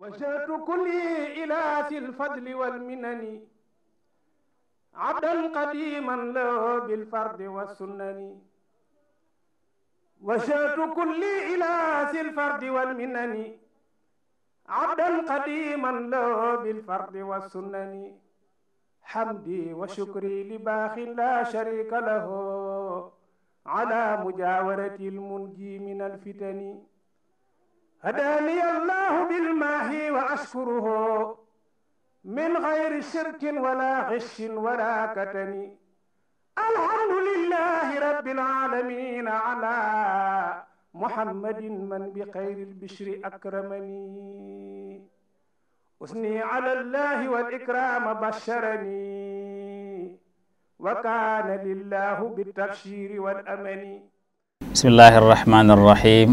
وجهت كلي إلى ذي الفضل والمنن عبدا قديما له بالفرد والسنن وجهت كلي إلى ذي الفرد والمنن عبدا قديما له بالفرد والسنن حمدي وشكري لباخ لا شريك له على مجاورة المنجي من الفتن هداني الله بالماهي وأشكره من غير شرك ولا غش ولا كتم الحمد لله رب العالمين على محمد من بخير البشر أكرمني أثني على الله والإكرام بشرني وكان لله بالتبشير والأمن بسم الله الرحمن الرحيم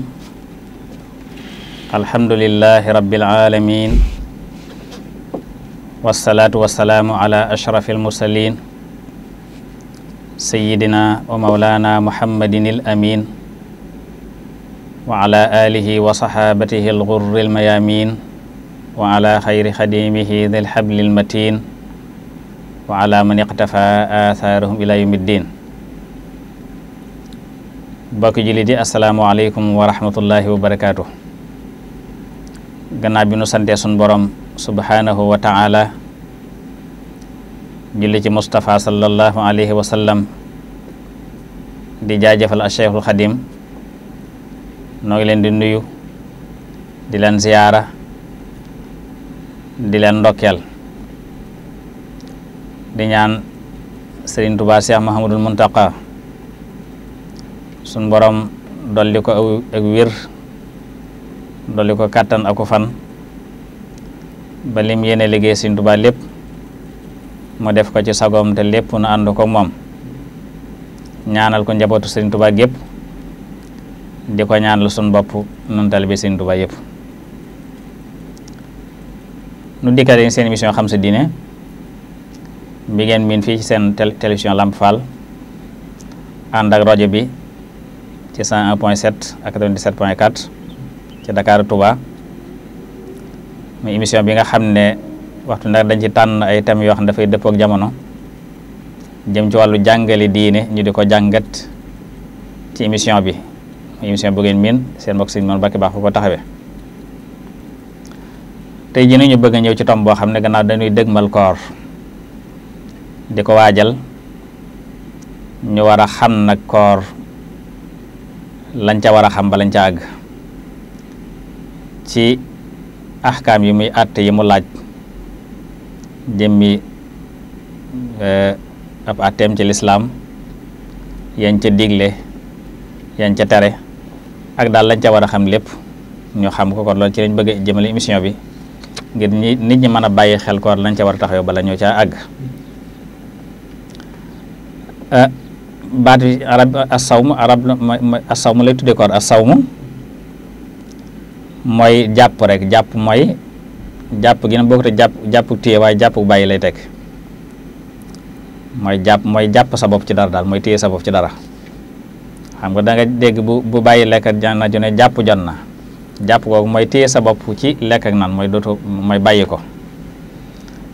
الحمد لله رب العالمين والصلاة والسلام على أشرف المرسلين سيدنا ومولانا محمد الأمين وعلى آله وصحابته الغر الميامين وعلى خير خديمه ذي الحبل المتين وعلى من اقتفى آثارهم إلى يوم الدين bokk جليدي السلام عليكم ورحمة الله وبركاته ganna bi nu sante sun borom subhanahu wa ta'ala julli ci Mustafa sallallahu Alaihi wa sallam di jaajëfal al shaykhul khadim no ngi len di nuyu di len ziyara di len ndokel di ñaan serigne touba Cheikh Mahamadul Muntaqa sun borom dolli ak wir dolli ko kàttan ako fan ba lim yene liggéey Sëriñ Tuubaa lepp mo def ko ci sagom te lepp nu ànd ko mom ñaanal ko njabotu Sëriñ Tuubaa gep diko ñaanal sun bopp nun bi Sëriñ Tuubaa yep nu dikkaat seen mission xam sa dine mi gen min fi ci seen television Lamp Fall ànd ak bi ci 101.7 ak ci Dakar Touba muy émission bi nga xamné ne waxtu ndax dañ ci tan ay thèmes yo xam da fay depp ak jamono jëm ci walu jangali diiné ñu di jangat ci émission bi émission bu gën min seen mbokk Sëriñ man bakki bax ko taxawé tay jëne ñu bëgg ñew ci tom bo xamné ne dañuy dëgmal koor diko wajal ñu wara xam nak koor lañ ca wara xam ba lañ ca ag ci ahkam yi muy atté yi mu laaj jëmmi eh, ap àtteem ci l'islam yañ ci diglé yañ ci tere ak dal lañ ci wara xam lépp ñu xam ko kon lool ci lañ bëgg a émission bi ngir nit ñi mëna bayyi xel ko lañ ci wara a taxaw bala ñoo caa àgg eh, baat bi arab asawmu arab asawmu lay ko koor asawmu mooy jàpp rekk jàpp mooy jàpp gi nag boo ko te jàpp jàpp téye waaye jàpp bàyyi lay teg mooy jàpp mooy jàpp sa bopp ci dara daal mooy téye sa bopp ci dara xam nga da dégg bu bu bàyyi lekk ak naan ju jàpp jot na jàpp googu mooy téye sa bopp ci lekk ak mooy dootoo mooy bàyyi ko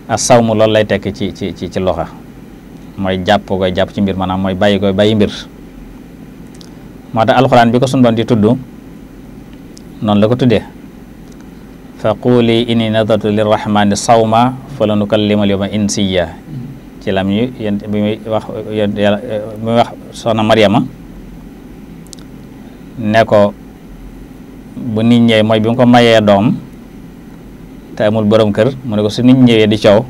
ak saw mu loolu lay tekk ci ci ci ci loxo mooy jàpp gooy jàpp ci mbir maanaam mooy bàyyi gooy bàyyi mbir moo tax alxuraan bi ko sunu di tudd non la ko tudde fa quli inni nadartu lirrahmani sawma falan ukallima al yawma insiya ci lam ñu bi wax mu wax sona maryama ne ko bu nit ñe moy bi ko maye dom te amul borom kër mu ne ko su nit di ciow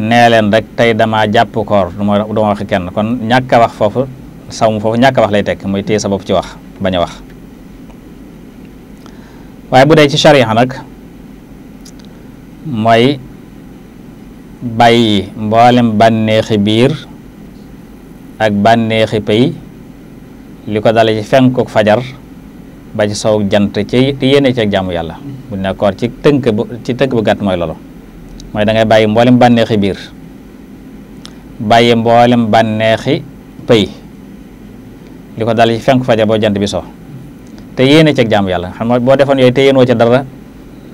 ne len rek tay dama japp koor du ma wax kenn kon ñaka wax fofu sawmu fofu ñaka wax lay tek moy tey sa bop ci wax baña wax sharia nak moy bàyyi mboolem mai biir ak banne pay liko dalé ci fenk ak fajar ba ci sawu jant ci yene ci ak jamu yalla bu ne koor ci teunk ci tënk bu gat moy lolo moy da ngay bàyyi mboolem bànneexi biir bàyyi mboolem bànneexi pay liko ko ci fenk fajar bo jant bi so te yene ci ak jaamu yalla xam nga boo defoon yooyu te wo ci dara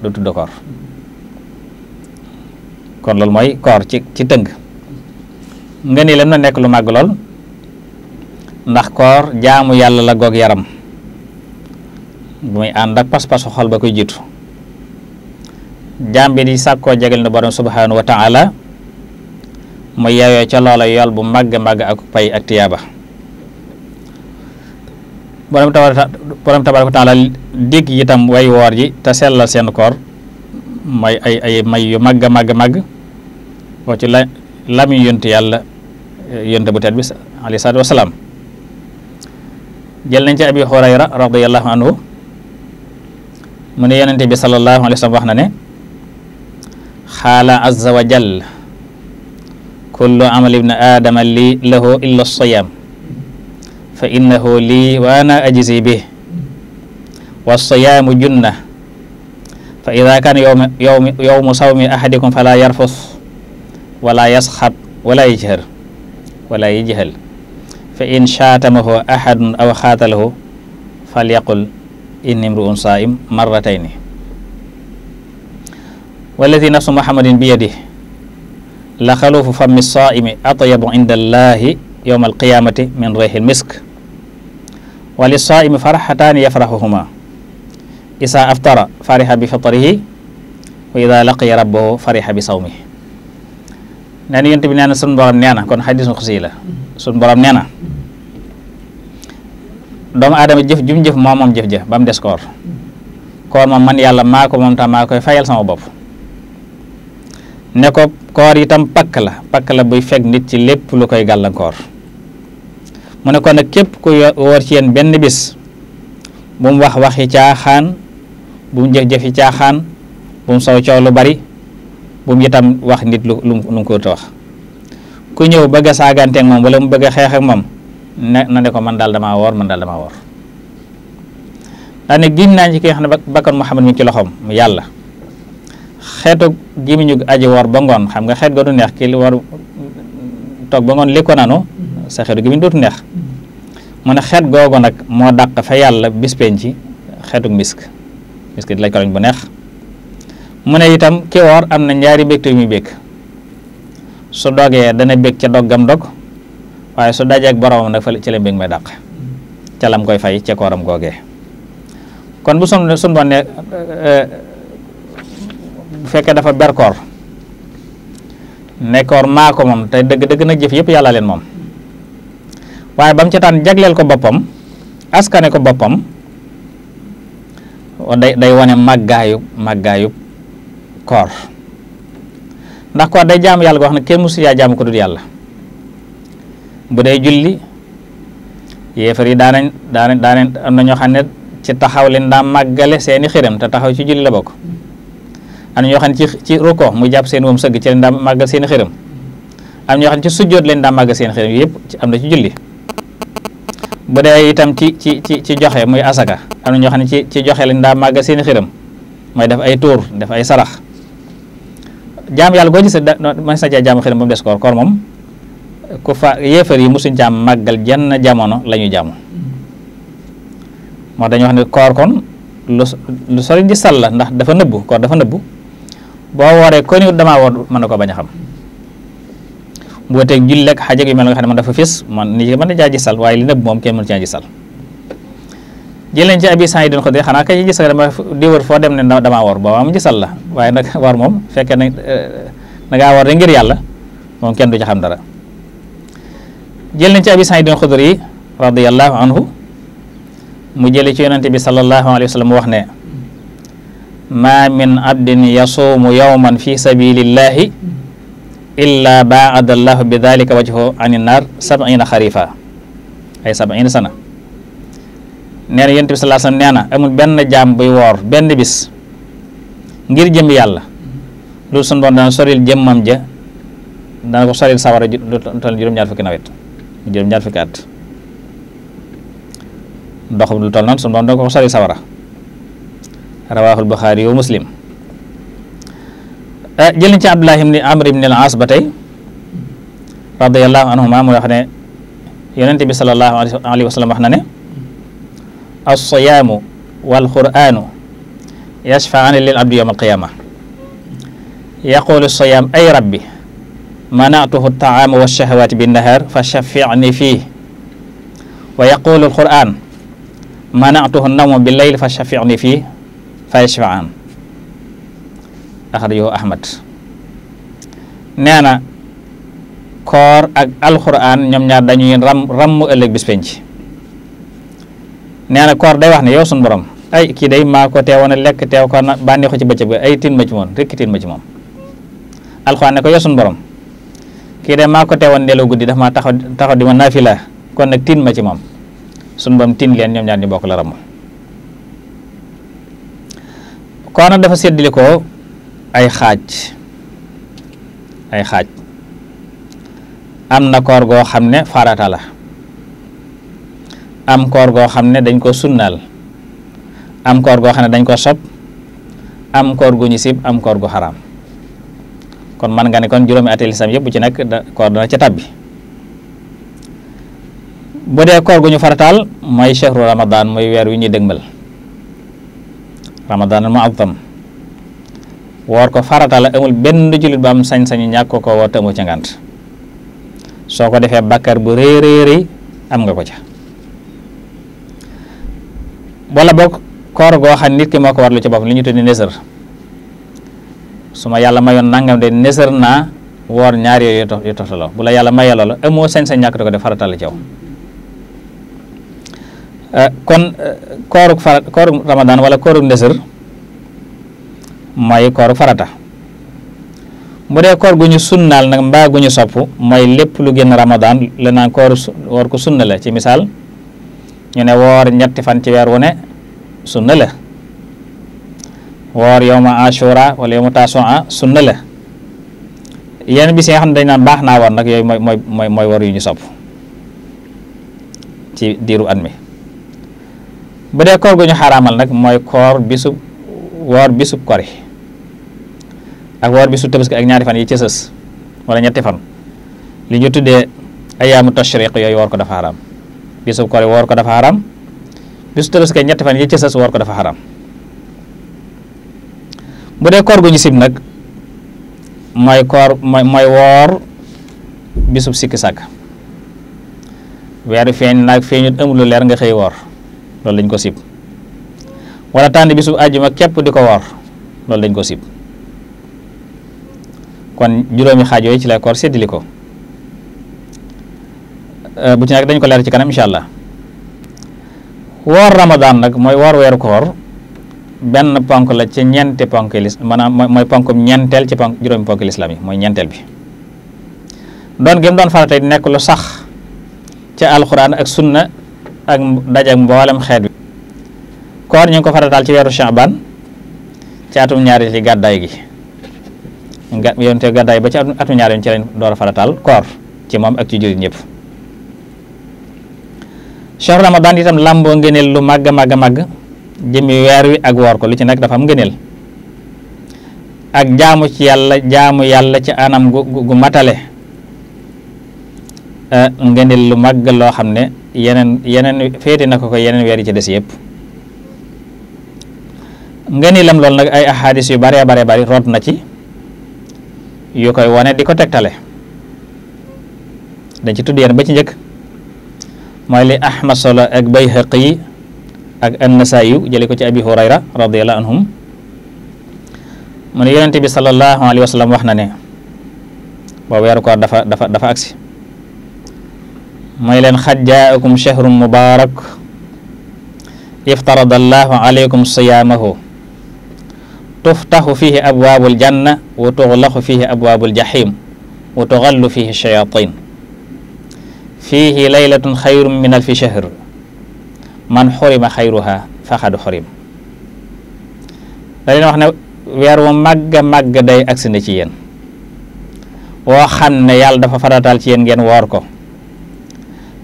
du tuddo kor kon lol moy kor ci ci tëng nga ni lam na nek lu mag lol ndax kor jaamu yalla la gog yaram muy and ak pas pass xol ba koy jiitu jaam bi di sakko jegal na borom subhanahu wa taala moy yaayo ci lolay yool bu mag mag ak pay ak tiyaba borom tabaar borom tabaaraka taala digg itam way woor ji seen koor may ay ay may yu màgg màgg màgg boo ci la lami yonent yàlla yonent bu tedd bi alayhi salaatu wasalaam jël nañ ci abi xurayra radiyallahu anhu mu ne yonent bi sallallahu alayhi wa wax na ne xaala azza wa jall kullu amali ibni aadama lahu illa siyam فإنه لي وأنا أجزي به والصيام جنة فإذا كان يوم, يوم, يوم صوم أحدكم فلا يرفث ولا يسخط ولا يجهر ولا يجهل فإن شاتمه أحد أو خاتله فليقل إني امرؤ صائم مرتين والذي نفس محمد بيده لخلوف فم الصائم أطيب عند الله يوم القيامة من ريح المسك wa li saa'imi farxataani yafraxuhuma isaa aftara farixa bi fitrihi wa ida laqiya rabbahu farixa bi sawmi na yonent bi nee na sunu borom nee na kon xadiisu xusi la sunu nee na doomu aadama jëf jum jëf moom moom jëf jëf ba mu des koor koor ma man yàlla maa ko moom tam maa koy fayal sama bopp ne ko koor itam pakk la pakk la buy fekk nit ci lépp lu koy gàllankoor mané ko nak képp ku wor ci yeen benn bis bu mu wax waxi caaxaan bu mu jëf jëfi caaxaan bu mu saw coow lu bari bu mu itam wax nit lu lu ko wax ku ñëw bëgg saganté ak mom wala mu bëgg xex ak mom na ne ko man dal dama wor man dal dama wor dañu giñ nañ ci ki nga bakkar Muhammad mi ci loxom mu yàlla xeetu ñu aji wor ba ngon xam nga xéet ga du neex ki wor tok ba ngon nanu sa xeetu gémmiñ neex mu ne xeet googu nag moo dàq fa yàlla bis penci xeetu misk misk di lay koloñ bu neex mu ne itam ki am na ñaari bég te muy bég su dogee dana bég ca doggam dog waaye su dajee ak boromam nag fa ci la bég may dàq ca lam koy fay ca kooram googee kon bu sun sun bon ne euh, bu fekkee dafa berkoor nekkoor maa ko moom te dëgg dëgg na jëf yëpp yàlla leen moom waye bam ci tan jaglel ko bopam askane ko bopam day day wane màggaayu màggaayu kor ndax ko day jam yalla goo xam ne kenn musu yaa jaamu ko dul yalla bu julli yéefar yi daanañ daanañ daanañ am na ñoo ci taxaw li daa magale seeni xirem ta taxaw ci julli la bok am ñoo ci ci ruko mu japp seen wam seug ci leen magal seeni am ñoo ci sujjoot len daa magal seen xiram yëpp am na ci julli bude itam ci ci ci ci joxe muy asaka am ñoo xamni ci ci joxe lañ da mag seen xiram mooy def ay tour def ay sarax jam yalla boo gis ma sa jam xiram bu dess des koor mom ku fa yi musuñ jam magal jenn jamono la jam mo dañu wax koor kon lu sori di sal la ndax dafa neub koor dafa neub bo wooree ko ni dama woor man ko baña xam wooteeg julli ak xaj ak yu mel nga xam ne dafa fis man ni mën na caa gisal waaye li nëbb moom kenn mënu caa gisal jëleen ci abi Saïd Xudri xanaa kay gisal dama di foo dem ne damaa war boobaa mu gisal la waaye nag war moom fekkee na euh, da ngaa war rek ngir yàlla moom kenn du ci xam dara jël nañ ci abi Saïd Xudri radiyallahu anhu mu jële ci yonente bi sallallahu alayhi wa wax ne ma min abdin yasuumu yawman fi sabilillahi illa baada allahu bi dalika wajhu ani naar sab'ina xarifa ay sab'ina sana nee na yonent bi sallallahu alayhi wasallam amul benn jaam buy woor benn bis ngir jëm yàlla lu sun boon dana soril jëmmam ja dana ko soril sawara lu toll juróom-ñaar nawet juróom-ñaar fukki at dox dana ko soril sawara rawaahul Buxaari yu Muslim جيلن تي عبد الله بن عمرو بن العاص باتاي رضي الله عنهما مو خني يونتي بي صلى الله عليه وسلم حنا ني الصيام والقران يشفعان للعبد يوم القيامه يقول الصيام اي ربي منعته الطعام والشهوات بالنهار فشفعني فيه ويقول القران منعته النوم بالليل فشفعني فيه فيشفعان axrajoo ahmad nee na koor ak alxuraan ñoom ñaar dañuy ram ramm ëllëg bis penc na koor day wax ne yow suñ borom ay kii day maa ko teewoon a lekk teew ko na bànneexu ci bëccëg ay tiin ma ci moom rekk tin ma ci moom alxuraan ne ko yow kii day maa ko teewoon nelaw guddi dafa maa taxaw taxaw di ma naafila kon nag tin ma ci moom sun borom tin leen ñoom ñaar ñu bokk la ramm koor nag dafa séddale ko ay xaaj ay am na koor go xamne farata la am koor go xamne sunnal. dañ ko sunnal am koor go xamne dañ ko sop am koor gu ñisib am koor gu haram kon man nga ne kon juroomi atel sam yeb ci nak koor dana ci tabbi bu de koor gu ñu faratal moy cheikh ramadan moy wer wi ñi ramadan al muazzam woor ko farata amul benn jullit ba am sañ-sañu ñàkk ko woor te amoo ca soo ko defee bakkar bu rëy rëy am nga ko ca wala boog koor goo xam nit ki ko warlu ci boppam li ñu tuddi nesër su ma yàlla mayoon nangam de ñaar yooyu yu yàlla mayee ko def farata la ci yow euh, kon kooruk euh, farat kooruk ramadaan wala kooruk mooy kooru farata bu dee koor gu ñu sunnaal nag mbaa gu ñu sopp mooy lépp lu génn ramadan la naan koor woor ko sunna la ci misaal ñu ne woor ñetti fan ci weer wone ne sunna la woor yowma ashura wala yowma tasua sunna la yenn bis yi xam ne dañ naan baax naa woor nag yooyu mooy mooy mooy woor yu ñu sopp ci diiru at mi bu dee koor gu ñu xaraamal nag mooy koor bisub kori ak woor bi su tabaski ak ñaari fan yi iya, ci seus wala ñetti fan li ñu tuddé ayyamu tashriq yoy ya, ya, woor ko dafa xaraam bisu koor woor ko dafa haram bisu tabaski ak ñetti fan yi ci seus woor ko dafa haram bu dé koor gu ñu sib nag mooy koor mooy mooy woor bisub sikki sàkk weeru feeñ naag feeñut amul lu leer nga xey woor loolu lañ ko sib wala tan bisub àjjuma képp di ko woor loolu lañ ko sib kon juróomi xajjo yooyu ci la koor séddali euh bu ci nak dañ ko leer ci kanam inshallah war woor Ramadan nak moy war wer koor ben ponk la ci ñenté ponk lis manam moy ponkum ñentel ci ponk juróomi ponk l'islam yi moy ñentel bi Don gem don doon farata di lu sax ci alquran ak sunna ak daje ak mboolem xeet bi koor ñu ngi ko farataal ci wéru sha'ban ci atum ñaari ci gaday gi nga yonte gàddaay ba ci atu ñaareel ci lañ door a farataal koor ci moom ak ci jullit ñëpp chahru ramadan itam làmboo ngëneel lu màgg a màgg a màgg jëmi weer wi ak woor ko lu ci nag dafa am ngëneel ak jaamu ci yàlla jaamu yàlla ci anam gu gu matale euh, ngëneel lu màgg loo xam ne yeneen yeneen féete na ko ko yeneen weer yi ci des yëpp ngëneelam loolu nag ay ahadis yu bare bare bari root na ci yu koy wane di ko tegtale dañ ci tudd ba ci njëkk mooy li Ahmad solo ak Bayhaqi ak An-Nasaa'i jële ko ci Abi Hurayra radiyallahu anhum mu ne yonente bi alayhi wa sallam wax na ne boo weeru koor dafa dafa dafa mooy leen xad jaakum shahrun mubaarak iftarada allahu alaykum siyaamahu taxu fii abwaabul janna wa tuxlaxu fihi abwaabul jaxiim wa tuxallu fihi shayaatiin fiihi laylatun xayrun min alfi shahr man xurima xayruha faxad xurim da leen wax ne weer wu màgg màgg day agsi na ci yéen woo xam ne yàlla dafa farataal ci yéen ngeen woor ko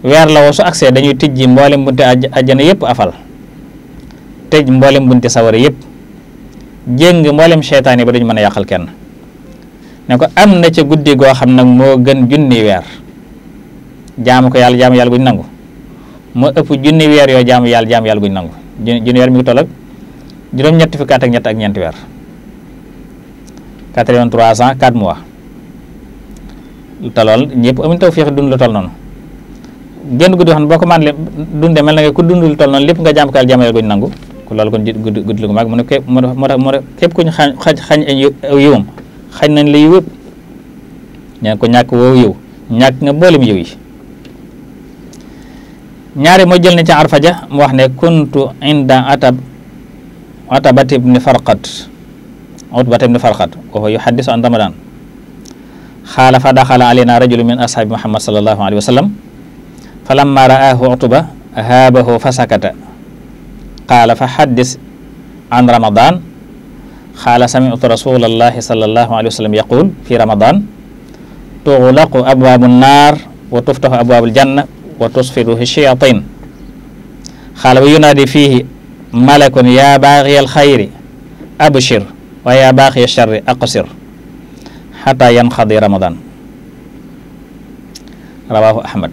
weer la woo su agsee dañuy mboole mboolem bunti àjjana yépp afal tëj mboolem bunti sawara yëpp jéng mboolem seytaan yi ba dañu mën a yàqal kenn ne ko am na ca guddi goo xam nag moo gën junni weer jaamu ko yàlla jaamu yàlla guñ nangu moo ëpp junni weer yoo jaamu yàlla jaamu yàlla guñ nangu junni weer mi ngi toll ak juróom-ñetti fukki at ak ñett ak ñeenti weer quatre-vingt-trois cent quatre mois te lool ñëpp amuñ te féex dund lu toll noonu génn guddi xam boo ko man le dunde mel na nga ku dund lu toll noonu lépp nga jaamu ko yàlla jaamu yàlla guñ nangu ko loolu kon gudd lu ko mag mu ne képp moo tax moo tax képp ku ñu xañ xañ aw yiwam xañ nañ la ko ñàkk woow yiw ñàkk nga mboolem yiw yi ñaari mooy jël na ci arfaja mu wax ne kuntu inda atab atabat ibni farqat utbat ibni farqat wa huwa yuhaddisu an ramadan xaala fa daxala alayna rajulu min ashaabi muhammad sallallahu Alaihi Wasallam. sallam falamma ra'aahu utba haabahu fasakata قال فحدث عن رمضان قال سمعت رسول الله صلى الله عليه وسلم يقول في رمضان تغلق أبواب النار وتفتح أبواب الجنة وتصفره الشياطين قال وينادي فيه ملك يا باغي الخير أبشر ويا باغي الشر أقصر حتى ينقضي رمضان رواه أحمد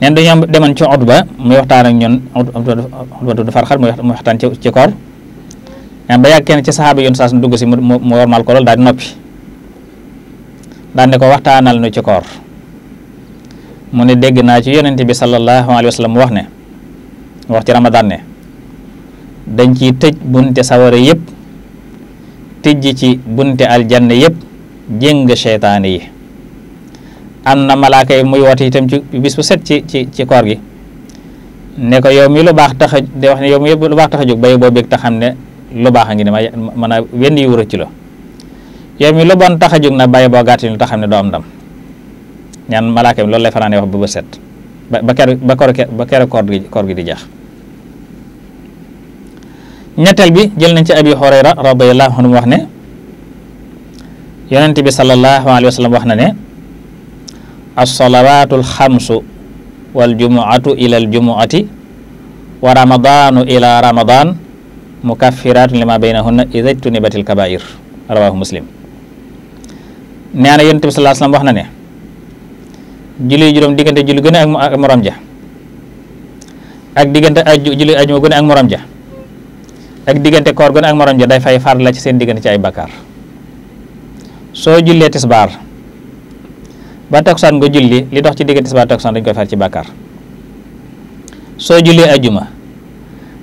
neen dañoo demoon ci Utba muy waxtaan ak ñun Utba du Farxat muy waxtaan ci ci koor neen ba yàgg kenn ci saxaaba yoon saa su dugg si mu mu warmal ko lool daal di noppi daal ne ko waxtaanal nu ci koor mu ne dégg naa ci yonent bi sallallahu alayhi wa sallam wax ne wax ci Ramadan ne dañ ciy tëj bunte sawara yëpp tijji ci bunte aljanna yëpp jéng seytaane yi am na malaaka yi muy woote itam ci bis bu set ci ci ci koor gi ne ko yow mi lu baax tax a day wax ne yow mi lu baax tax a jóg bay boo bég te xam ne lu baax a ngi ne ma mën a wenn yu rëcc la yow mi lu bon tax a jóg na bàyyi boo gàtt te xam ne doo am ndam ñaan malaaka yi loolu lay fanaane wax bu ba set ba ba ker ba koor ba ker koor gi di jeex ñetteel bi jël nañ ci abi Hurayra radiyallahu anhu wax ne yeneen ti bi sallallahu alayhi wax na ne as-salawatul khamsu wal jumu'atu ilal jumu'ati wa ramadanu ila ramadan mukaffirat lima bainahunna idza tunibatil kabair rawahu muslim nee na sallallahu alaihi wasallam waxna na ne julli jurom digante julli gëna ak moram ja ak digante aju julli aju gëna ak moram ja ak digante koor gëna ak moram ja day fay la ci sen digante ci ay bakkaar soo jullee tisbaar ba takkusaan nga julli li dox ci diggante tisbaar takkusaan dañ koy far ci bakkar so julli aljuma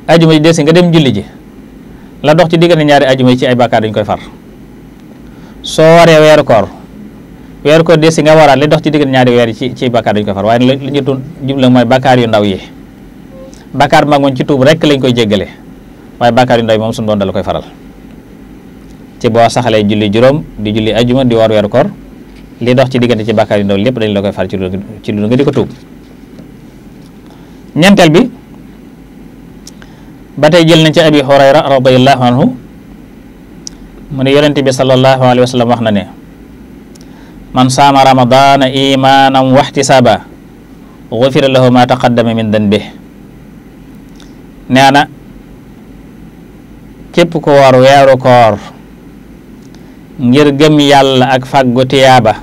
aljuma ji dess nga dem julli ji la dox ci diggante ñaari aljuma ci ay bakkar dañ koy far so waré weeru koor weeru ko dess nga waraat li dox ci diggante ñaari weer ci ci bakkar dañ koy far waye li ñu tun jublu moy bakkar yu ndaw yi bakkar mag moom ci tuub rek lañ koy jéggale waye bakkar yu ndaw mom sun doon dal koy faral ci bo saxalé julli juróom di julli aljuma di war weeru koor li dox ci digënté ci bakkar yu ndaw lépp dañ la koy far ci ci lu nga di ko tuub bi batay jël na ci abi hurayra radiyallahu anhu mu ne bi sallallahu alaihi wasallam wax na ne man saama ramadana imanan wa ihtisaba ghufira lahu ma taqaddama min dhanbi neena kep ko war wero koor ngir gëm yàlla ak fàggu tiyaaba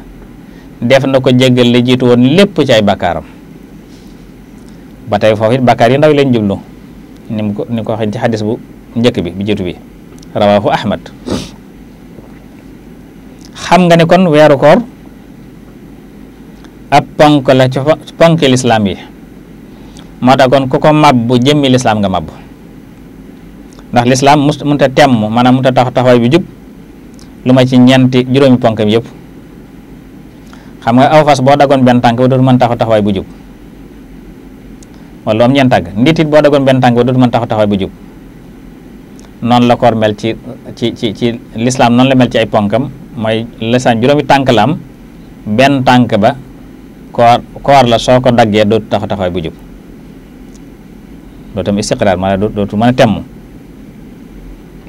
def na ko jéggal li jiitu woon lépp ci ay bakkaaram ba tey foofu it bakkaar yi ndaw lañ jublu ni ko ni ko waxee ci xadis bu njëkk bi bu jiitu bi rawaahu ahmad xam nga ne kon weeru koor ab ponk la ci ponki lislaam yi moo tax kon ku ko mabbu jëmmi lislaam nga mabbu ndax lislaam mus mënta temm maanaam mënta tax taxawaay bi jub lu ma ci ñeenti juróomi ponkam yépp xam nga aw fas boo dagoon benn tànk ba dootu mën taxaw taxawaay bu jub wala am ñeent tàgg boo dagoon benn tànk ba dootu mën taxaw taxawaay bu noonu la koor mel ci ci ci ci lislaam noonu la mel ci ay ponkam mooy lisaan juróomi tànk la am benn tànk ba koor koor la soo ko daggee dootu taxaw taxawaay bu jub dootam istiqraar maanaam dootu mën a temm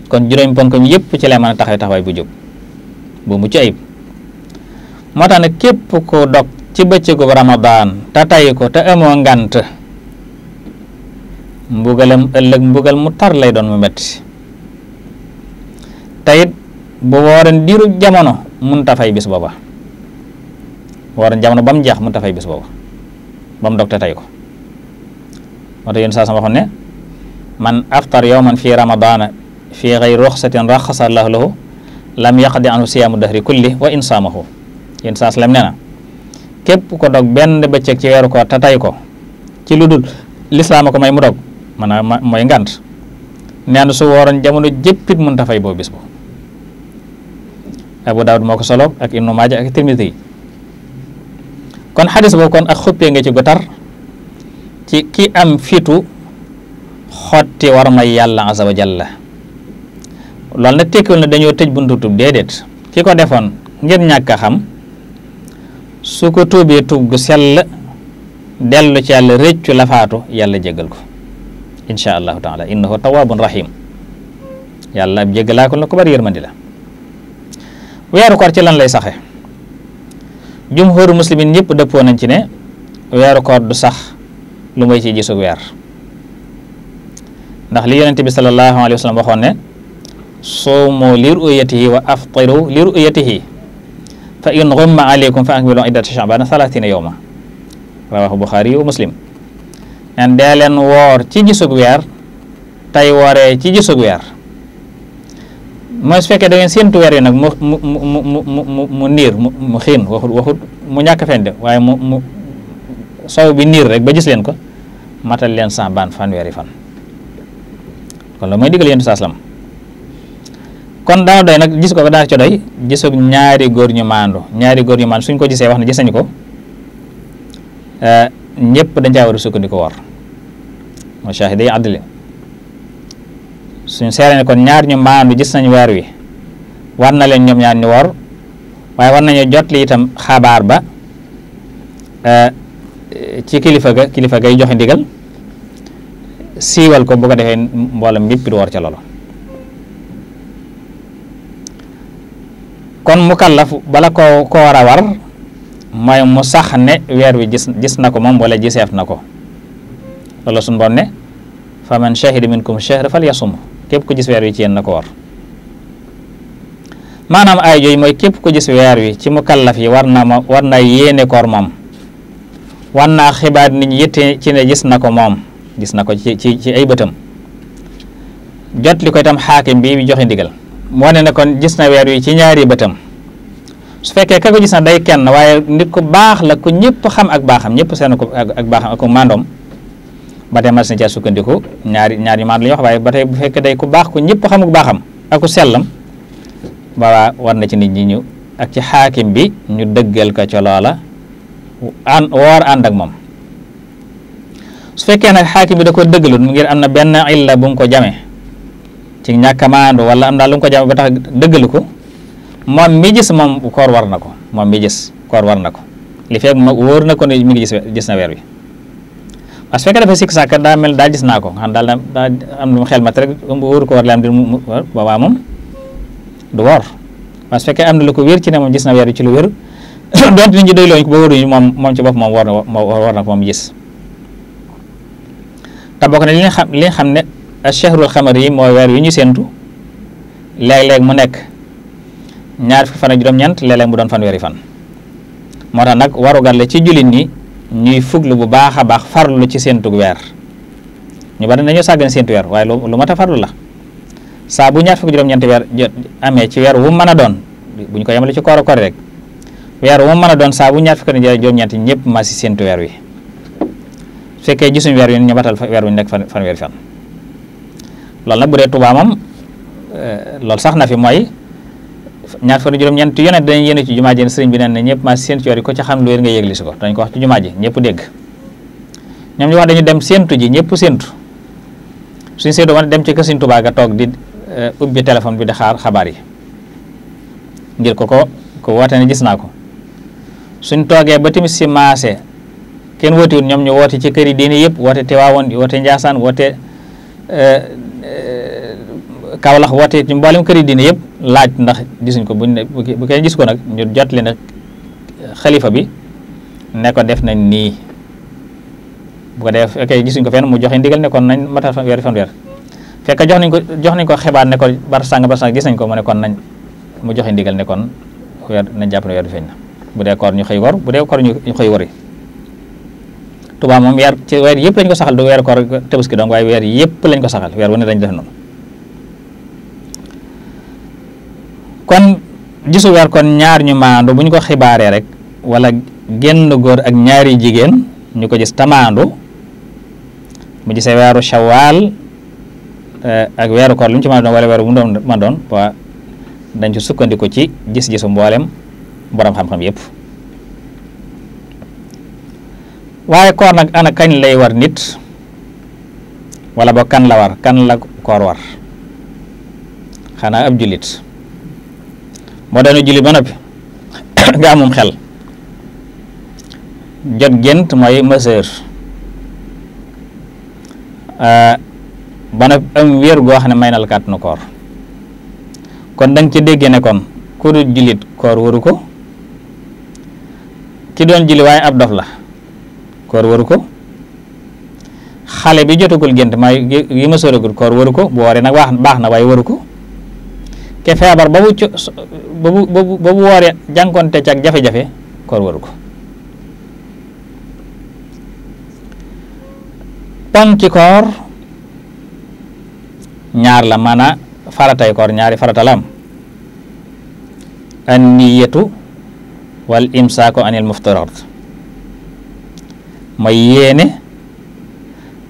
kon juróomi ponkam yëpp ci lay mën a taxaw taxawaay bu jub bu ci ayib moo tax ne képp ko dog ci beccu ramadan te tay ya ko te eh, amo ngant mbugalam ëllëg mbugal mu tar lay don mu metti tayit bu woran diru jamono mun fay bis booba woran jamono bam jeex mun tafay bis booba bam dog ta tay ya ko moo tax sa sama xone man aftar yawman fi ramadan, fi rukhsatin rakhasa allah lahu lam yaqdi anhu siyamu dahri kulli wa insamahu yen sa salam nee kep ko dog ben bëccëg ci weeru koor te tay ko ci lu l'islam ko may mu dog maanaam moy ngant su woron jamono jeppit mun ta fay Abu daud moko solo ak Ibnu majah ak tirmidhi kon hadith bo kon ak xoppe nga ci gotar ci ki am fitu hoti war may yalla azza wa jalla loolu nag tekkiwul na dañoo tëj buntu tuub déedéet ki ko defoon ngir ñàkk a xam su ko tuubee tuub gu sell dellu ci yàlla rëccu lafaatu yàlla jégal ko incha allahu taala ko tawaabun rahim yàlla ab jégalaakoon la ko bari yërmandi la weeru koor ci lan lay saxe jumhuru muslimin ñëpp dëppoo nañ ci ne weeru koor du sax lu may ci gisu weer ndax li yonente bi sallallahu alayhi wa sallam waxoon ne soomu li ru'yatihi wa aftiru li ru'yatihi fa in ghumma alaykum fa akmilu iddata sha'bana salatina yawma rawahu buxaari wa muslim nen dee woor ci gisug weer tey wooree ci gisug weer mooy su fekkee da ngeen séentu weer yi nag mu mu mu mu niir mu xiin waxut mu ñàkk fen de waaye mu mu sow bi niir rek ba gis leen ko matal leen san baan fan weeri fan kon la mooy digal yéen tu saaslam kon dana doy nag gis ko daal ci doy gisug ñaari góor ñu maandu ñaari góor ñu maandu suñ ko gisee wax ne gis nañu ko eh, ñëpp dañ caa war a sukkandiku war mashahidi adli suñ seere ne kon ñaar ñu maandu gis nañu weer wi war na leen ñoom ñaar ñu war waaye war nañu jot li itam xabaar ba eh, ci kilifa ga kilifa gay joxe ndigal siiwal ko bu ko defee mboolem yëpp di war ca lolo kon mukallaf bala ko ko war a war mooy mu sax ne weer wi gis gis na ko moom walla giseef na ko loolu suñu bon ne fa man shahida minkum shahra fal yasum képp ku gis weer wi yéen na ko war maanaam ay jooyu mooy képp ku gis weer wi ci mukallaf yi war na ma war na yéene koor moom war naa xibaar nit ñi yitte ci ne gis na ko moom gis na ko ci ci ay bëtam jot li ko itam xaakim bi joxe ndigal moo ne ne kon gis na weer wi ci ñaari bëtam su fekkee ka ko gis na day kenn waaye nit ku baax la ko ñëpp xam ak baaxam ñëpp seen ko ak ak mandoom ba tey mas ca sukkandiku ñaari ñaari maand la ñu waaye ba tey bu fekkee day ku baax ku ñëpp xam ak baaxam ak ku sellam ba war na ci nit ñi ñu ak ci xaakim bi ñu dëggal ko ca loola an woor ànd ak moom su fekkee nag xaakim bi da ko mu ngir am na benn illa bu mu ko jamee ci ñàkk a maandu wala am daal lu mu ko jàpp ba tax dëggalu ko moom mi gis moom koor war na ko moom mi gis koor war na ko li ma wóor na ko ne mi ngi gis gis na weer wi parce que gis naa ko xam daal lu xel mat rek wóoru ko war la am di du woor parce que fekkee am na gis na weer wi ci lu wér donte nit ñi doy looñu na war li xam li xam ne ashahrul xamar yi mooy weer wi ñu sentu leg leg mu nek ñaar fi fan ak juroom ñant leg leg mu doon fanweeri fan moo nak waru gal la ci jullit ni ñuy fuglu bu baax baax farlu ci sentu wer ñu ba dañu sagane sentu wer way lu mat farlu la sa bu ñaar fukki juroom ñant wer amé ci wer wu mëna doon buñ ko yamal ci koor koor rek wer wu mëna doon sa bu ñaar fukki juroom ñant ñepp ma ci sentu wer wi fekke gisun wer yu ñu batal wu fan wer fan Lol, nag bu dee mom moom eh, loolu sax na fi moy ñaar fan juróom-ñeent yonent dañ yene ci jumaaji ji sëriñ bi neen ne ñëpp maa seen ci yori ko ci xam lu nga yëgli ko dañ ko wax ci jumaaji ñepp deg ñam ñu wax dañu dem sentu ji ñepp sentu suñ séentu woon dem ci kër Sëriñ ga tok di eh, ubbi téléphone bi di xaar xabar yi ngir ko ko ko woote ne gis na ko suñ toge ba tamit si masé ken wootiwut ñom ñu woti ci kër yi diine yëpp woote Tiwaawoon woote Njaasaan woote eh, Kaolack woote ci mboolem këri diine yëpp laaj ndax gisuñ ko buñ ne bu kenn gis ko nag ñu jot li nag eh, xalifa bi ne def nañ nii bu ko def fekkee gisuñ ko fenn mu joxe ndigal ne kon nañ matal fan weer fan fekk jox nañ ko jox nañ ko xibaar ne bar sàng bar sàng gis nañ ko mu ne nañ mu joxe ndigal ne kon weer nañ jàpp ne weer bi feeñ na bu dee koor ñu xëy wor bu dee koor ñu xëy wori Tuubaa moom weer ci weer yëpp lañ ko saxal du weer koor Tabaski donc waaye weer yëpp lañ ko saxal weer wu ne dañ def noonu kon gisu weer kon ñaar ñu maandu bu ñu ko xibaaree rek wala génn góor ak ñaari jigéen ñu ko gis tamaandu bu gisee weeru shawaal eh, ak weeru koor lu mu ci mën a wala weeru bu mu doon ma doon waa dañ ci sukkandiku ci gis-gisu mbooleem boroom xam-xam yépp waaye koor nag ana kañ lay war nit wala ba kan la war kan la koor war xanaa ab jullit boo doon julli ba noppi nga amum xel jot gént mooy mësër euh, ba noppi am wér goo xam ne may na la kàttanu koor kon danga ci déggee ne kon ku dul jullit koor waru ko ki doon julli waaye ab dof la koor waru ko xale bi jotagul gént may yi mësëragul koor waru ko bu waree nag baax na waaye waru ko ke febar babu mu babu ba mu waree jànkonte ci ak jafe-jafe kor waru ko ponki ñaar la mana faratay kor ñaari farata lam an niyatu wal imsaku anil muftarat may yene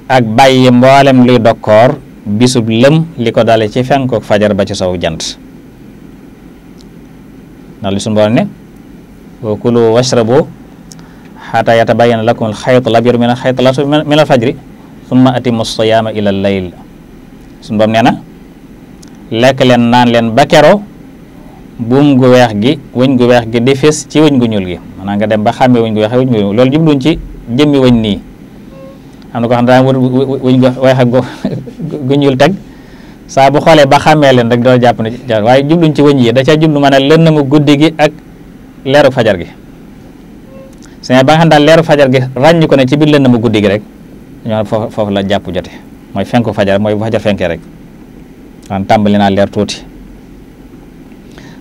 ak baye mbollem li dokor bisub lem liko dalé ci fenkook fajar ba ci saw jant nalisun bawane wa kulu washrabu hatta yatabayyana lakum al-abyar min alxayt laswad min summa atimu siyama ila layl sun borom na lekk len naan leen ba keroo gu wex gi wagn gu win gi defes ci wagn gu ñul gi man nga dem ba xamé wagn gu wex wagn ñul ci jëmmi wagn ni am ko xam wagn gu wex ak gu ñul tag saa bu xoolee ba xàmmee leen rek doo jàpp ne jaar waaye jubluñ ci wëñ yi da caa jublu mën leen na mu guddi gi ak leeru fajar gi sëñ ba nga xam daal leeru fajar gi ràññ ko ne ci biir na mu guddi gi rek ñoo foofu la jàpp jote mooy fenku fajar mooy bu fajar fenkee rek waan tàmbali naa leer tuuti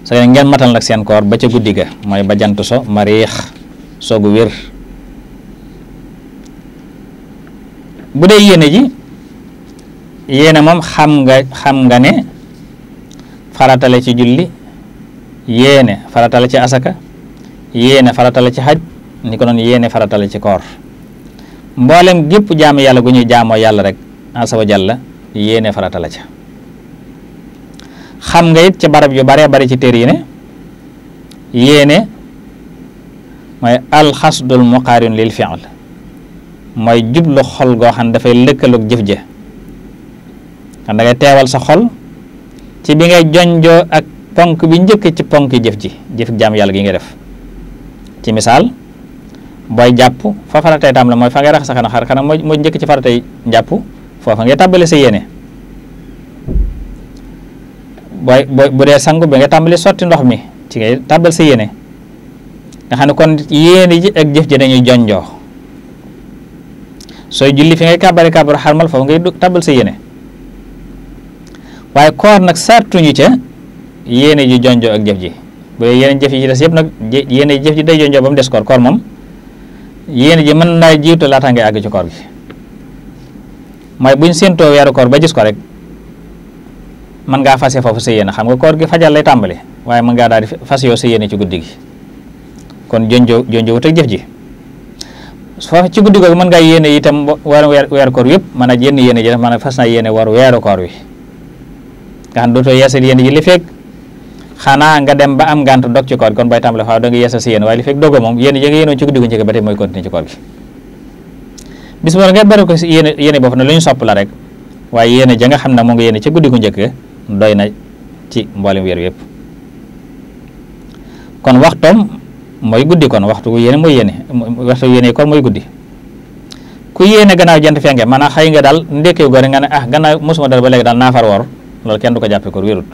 so ngeen matal nag seen koor ba ca guddi ga mooy ba jant so mariix soogu wér bu dee yéene ji yéene moom xam nga xam nga ne farata ci julli yéene farata la ci asaka yéene farata ci xaj ni ko noonu yéene farata ci koor mboolem gépp jaamu yàlla gu ñuy jaamoo yàlla rek asa wa jàlla yéene farata ca xam nga it ci barab yu bare bari ci téer yi ne yéene may alxasdul muqaarin lil fi'l mooy jublu xol goo xam ne dafay lëkkaloog jëf ja kon da ngay teewal sa xol ci bi ngay jonjo ak ponk bi ñëk ci ponk jëf ji jëf jaam yalla gi nga def ci misal boy japp fa faratay tam la moy fa ngay rax sa xana xar xana mooy ñëk ci faratay japp fofa ngay tabale sa yene boy boy bu dé sangu bi nga tambali soti ndox mi ci ngay tabal sa yene nga kon yene ji ak jëf ji dañuy jonjo soy julli fi ngay kabaré kabar xarmal foofu ngay tabal sa yene waaye koor nag sartuñu ca yene ji jonjo ak jef ji bu yene jef ji yi yeb nak yene jef ji day jonjo bam mu des koor koor mom yene ji man na jitu laata ngay ag ci koor gi may buñ sento weeru koor ba gis ko rek man nga fasé fofu sa yene xam nga koor gi fajal lay tambalé waye man nga daal di fas yoo sa yéene ci guddigi kon jonjo jonjo wut ak jef ji so ci guddi man nga yene itam war wer koor yeb man a yenn yene ji man a fas naa yéene war wer koor wi nga xam dootoo iya yeesal yéen yi li fekk xanaa nga dem ba am gàntu dog ci koor gi kon bay tàmbale xaw da nga iya yeesal si yéen waaye li fekk dogo iya moom yéen yi nga ci guddi gu njëkk ba tey mooy continuer ci koor gi bis nga bari ko si yéen yéene boobu ne lu ñu sopp la rek waaye yéene ja nga xam ne moo nga yéene ci guddi gu njëkk doy na ci mboolem weer yëpp kon waxtoom mooy guddi kon waxtu wu yéene mooy yéene waxtu yéene kon mooy guddi ku yéene gannaaw jant fenge maanaam xëy nga daal ndekkew gore nga ne ah gannaaw musuma dal ba léegi daal naa far wor loolu kenn du ko jàppe ko wérut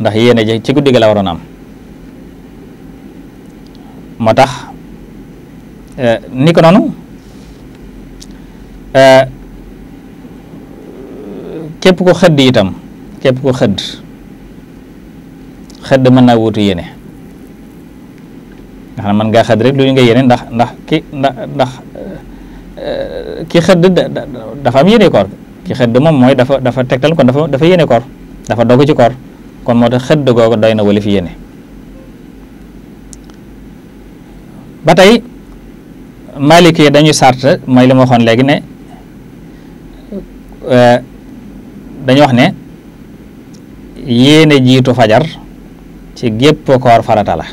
ndax yéene ji ci guddi gi la waroon moo tax eh, ni ko noonu eh, képp ko xëdd itam képp ko xëdd xëdd mën naa wuutu yéene nga xam mën ngaa xëdd rek lu ñu nga yéene ndax ndax ki ndax ndax eh, ki xëdd dafa am yéene koor ki xëdd moom mooy dafa dafa tegtal kon dafa dafa yéene koor dafa dogu ci koor kon moo tax xëdd googu doy na wala fi yéene ba tey malik yi dañuy sart mooy li ma waxoon léegi ne euh, dañu wax ne yéene jiitu fajar ci gépp koor farata la